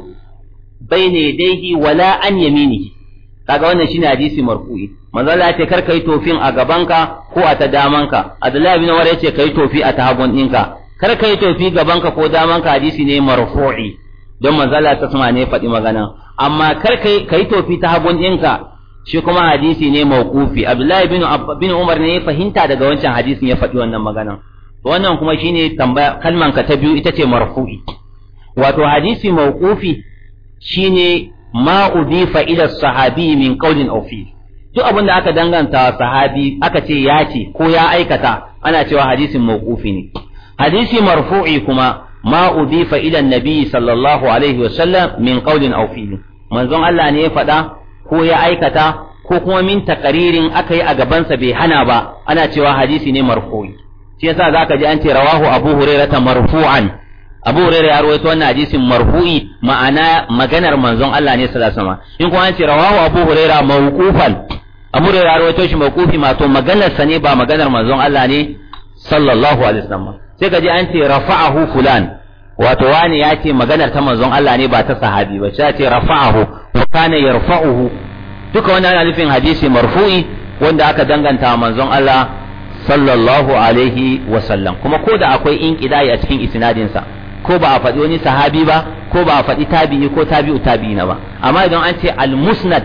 bayna wala an yaminihi kaga wannan shine hadisi marfu'i manzo Allah ya ce kar yi tofin a gabanka ko a ta damanka Abdullahi bin Umar ya ce kai tofi a ta hagun ɗinka kar yi tofi gabanka ko damanka hadisi ne marfu'i don manzo Allah ta sama ne faɗi magana amma kar kai tofi ta hagun ɗinka shi kuma hadisi ne mawqufi Abdullahi bin bin Umar ne ya fahimta daga wancan hadisin ya faɗi wannan magana wannan kuma shine tambaya kalman ka ta biyu ita ce marfu'i wato hadisi mawqufi shine ma udifa ila sahabi min qawlin aw fi'l duk abin da aka danganta sahabi aka ce ya ce ko ya aikata ana cewa hadisin mawqufi ne hadisi marfu'i kuma ma udifa ila nabi sallallahu alaihi wa sallam min qawlin aw fi'l manzon Allah ne ya faɗa ko ya aikata ko kuma min takaririn aka yi a gabansa bai hana ba ana cewa hadisi ne marfu'i shi yasa zaka ji an ce rawahu abu hurairata marfu'an Abu Hurairah ya rawaito wannan hadisin marfu'i ma'ana maganar manzon Allah ne sallallahu alaihi wasallam in kuma an ce rawahu Abu Hurairah mawqufan Abu Hurairah ya rawaito shi mawqufi ma to maganar sa ne ba maganar manzon Allah ne sallallahu alaihi wasallam sai kaje an ce rafa'ahu fulan wato wani ya ce maganar ta manzon Allah ne ba ta sahabi ba sai ce rafa'ahu wa kana yarfa'uhu duka wannan ana nufin hadisi marfu'i wanda aka danganta manzon Allah sallallahu alaihi wasallam kuma ko da akwai inqidai a cikin isnadinsa sa ko ba a faɗi wani sahabi ba ko ba a faɗi tabi'i ko tabi'u tabi'ina ba amma idan an ce al-musnad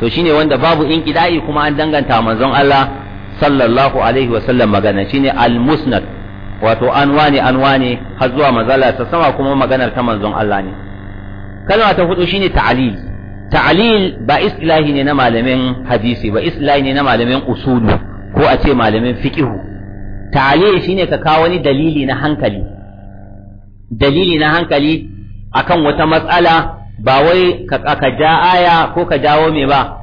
to shine wanda babu inqida'i kuma an danganta manzon Allah sallallahu alaihi wa sallam magana shine al-musnad wato an wani an wani, har zuwa manzala ta sama kuma maganar ta manzon Allah ne kalma ta hudu shine ta'lil ta'lil ba islahi ne na malamin hadisi ba islahi ne na malamin usulu ko a ce malamin fiqhu ta'lil shine ka kawo wani dalili na hankali dalili na hankali akan wata matsala ba wai ka ja aya ko ka jawo me ba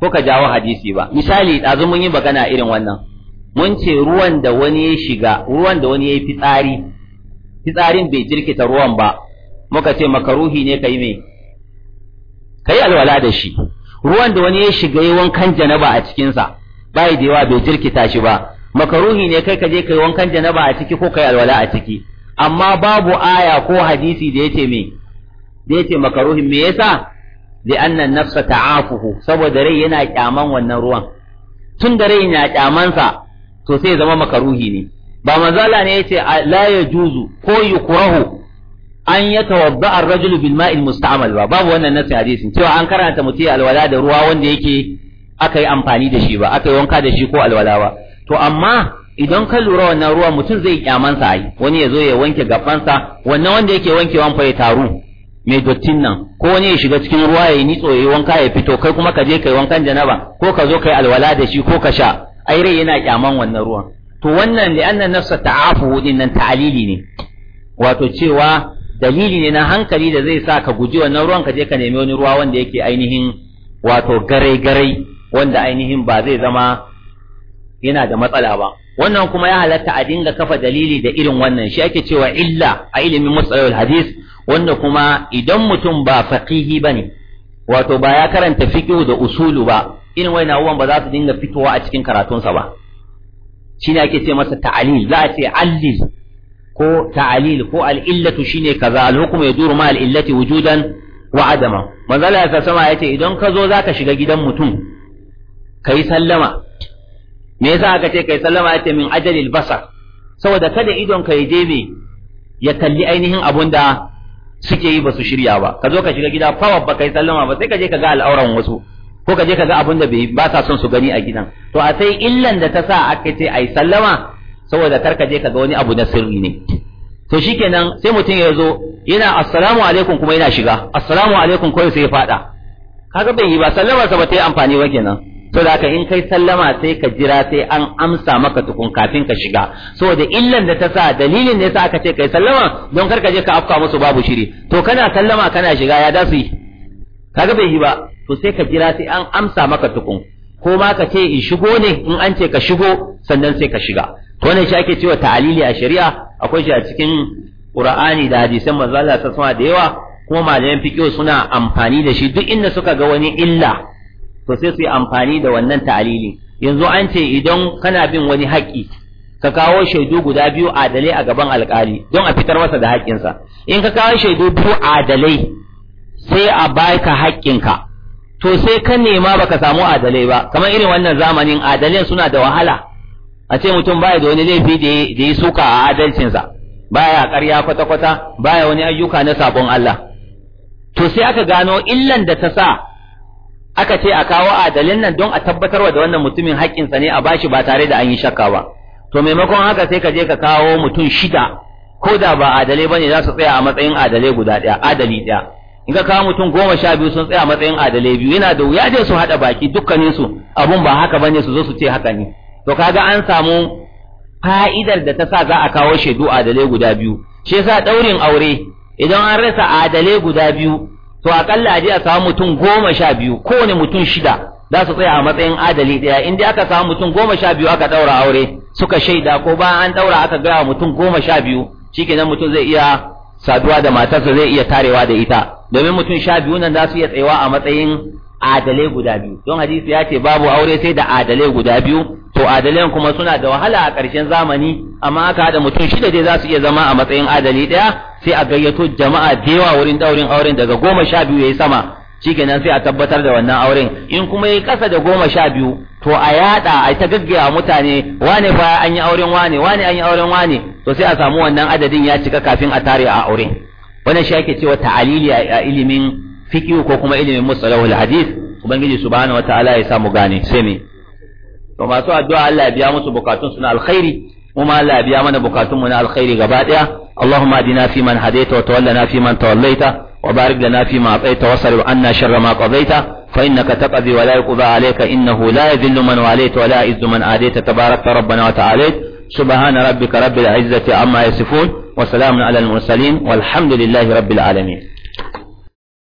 ko ka jawo hadisi ba misali ɗazu mun yi magana irin wannan mun ce ruwan da wani ya shiga ruwan da wani ya yi fitsari fitsarin bai jirkita ruwan ba muka ce makaruhi ne ka yi me ka yi alwala da shi ruwan da wani ya shiga yi wankan janaba a cikinsa bai da yawa bai jirkita shi ba makaruhi ne kai ka je kai wankan janaba a ciki ko kai alwala a ciki amma babu aya ko hadisi da yace me da yace makaruhin me yasa li anna nafsa ta'afuhu saboda rai yana kyaman wannan ruwan tun da rai yana kyaman sa to sai zama makaruhi ne ba manzala ne yace la yajuzu ko yukrahu an yatawadda ar-rajulu bil ma'il musta'mal ba babu wannan nasi hadisin cewa an karanta mutai alwala da ruwa wanda yake aka yi amfani da shi ba aka yi wanka da shi ko alwala ba to amma idan ka lura wannan ruwa mutum zai kyamansa ai wani ya zo ya wanke gabansa wannan wanda yake wankewan fa ya taru mai dottin nan ko wani ya shiga cikin ruwa ya yi nitso ya wanka ya fito kai kuma ka je kai wankan janaba ko ka zo kai alwala da shi ko ka sha ai rai yana kyaman wannan ruwan to wannan da annan nafsa ta'afu din nan ta'alili ne wato cewa dalili ne na hankali da zai sa ka guji wannan ruwan ka je ka nemi wani ruwa wanda yake ainihin wato garai garai wanda ainihin ba zai zama yana da matsala ba wannan kuma ya halatta a dinga kafa dalili da irin wannan shi ake cewa illa a ilimin matsalolin hadis wanda kuma idan mutum ba faqihi bane wato ba ya karanta fiqh da usulu ba irin wayan abubuwan ba za su dinga fitowa a cikin karatunsa ba shine ake ce masa ta'alil za a ce allil ko ta'alil ko al'illatu shine kaza al-hukmu yaduru ma al wujudan wa adama manzala ya sama yace idan ka zo zaka shiga gidan mutum yi sallama me yasa aka ce kai sallama yace min ajalil basar saboda kada idon ka je me ya kalli ainihin abun da suke yi ba su shirya ba ka zo ka shiga gida fawar ba kai sallama ba sai ka je ka ga al'auran wasu ko ka je ka ga abun da bai ba sa son su gani a gidan to a sai illan da ta sa aka ce ai sallama saboda kar ka je ka ga wani abu na sirri ne to shikenan sai mutum ya zo yana assalamu alaikum kuma yana shiga assalamu alaikum kawai sai ya fada kaga bai yi ba sallamar sa ba ta yi amfani ba kenan to da in kai sallama sai ka jira sai an amsa maka tukun kafin ka shiga saboda illan da ta sa dalilin ne yasa aka ce kai sallama don kar ka je ka afka musu babu shiri to kana sallama kana shiga ya da su yi kaga bai yi ba to sai ka jira sai an amsa maka tukun ko ma ka ce in shigo ne in an ce ka shigo sannan sai ka shiga to wannan shi ake cewa ta'alili a shari'a akwai shi a cikin Qur'ani da hadisan manzo Allah da yawa kuma malaman fiqh suna amfani da shi duk inda suka ga wani illa to sai su yi amfani da wannan ta'alili yanzu an ce idan kana bin wani haƙƙi ka kawo shaidu guda biyu adalai a gaban alƙali don a fitar masa da haƙƙinsa in ka kawo shaidu biyu adalai sai a baka haƙƙinka to sai ka nema baka samu adalai ba kamar irin wannan zamanin adalai suna da wahala a ce mutum baya da wani laifi da ya suka a adalcinsa baya ƙarya kwata-kwata baya wani ayyuka na sabon Allah to sai aka gano illan da ta sa aka ce a kawo adalin nan don a tabbatarwa da wannan mutumin haƙƙinsa ne a bashi ba tare da an yi shakka ba to maimakon haka sai ka je ka kawo mutum shida ko da ba adalai bane za su tsaya a matsayin adalai guda ɗaya adali ɗaya in ka kawo mutum goma sha biyu sun tsaya a matsayin adalai biyu yana da wuya je su haɗa baki dukkanin su abun ba haka bane su zo su ce haka ne to kaga an samu fa'idar da ta sa za a kawo shaidu adalai guda biyu shi yasa ɗaurin aure idan an rasa adalai guda biyu to akalla aje a samu mutum goma sha biyu kowane mutum shida za su tsaya a matsayin adali ɗaya in dai aka samu mutum goma sha biyu aka ɗaura aure suka shaida ko ba an ɗaura aka gaya mutum goma sha biyu shikenan mutum zai iya saduwa da matarsa zai iya tarewa da ita domin mutum sha biyu nan za su iya tsayawa a matsayin adalai guda biyu don hadisi ya ce babu aure sai da adalai guda biyu to adalai kuma suna da wahala a ƙarshen zamani amma aka haɗa mutum shida dai za su iya zama a matsayin adali ɗaya sai a gayyato jama'a da yawa wurin daurin auren daga goma sha biyu yayi sama shikenan sai a tabbatar da wannan auren in kuma yayi ƙasa da goma sha biyu to a yaɗa a ta gaggawa mutane wane fa an yi auren wane wane an yi auren wane to sai a samu wannan adadin ya cika kafin a tare a aure, wannan shi ake cewa ta'alili a ilimin fiki ko kuma ilimin musalahu hadith ubangiji subhanahu wataala ya samu gane sai me to masu addu'a Allah ya biya musu bukatun suna alkhairi kuma Allah ya biya mana bukatun mu na alkhairi gaba daya اللهم اهدنا فيمن هديت وتولنا فيمن توليت وبارك لنا فيما اعطيت وصرف عنا شر ما قضيت فإنك تقضي ولا يقضى عليك إنه لا يذل من واليت ولا يعز من آديت تبارك ربنا وتعاليت سبحان ربك رب العزة عما يصفون وسلام على المرسلين والحمد لله رب العالمين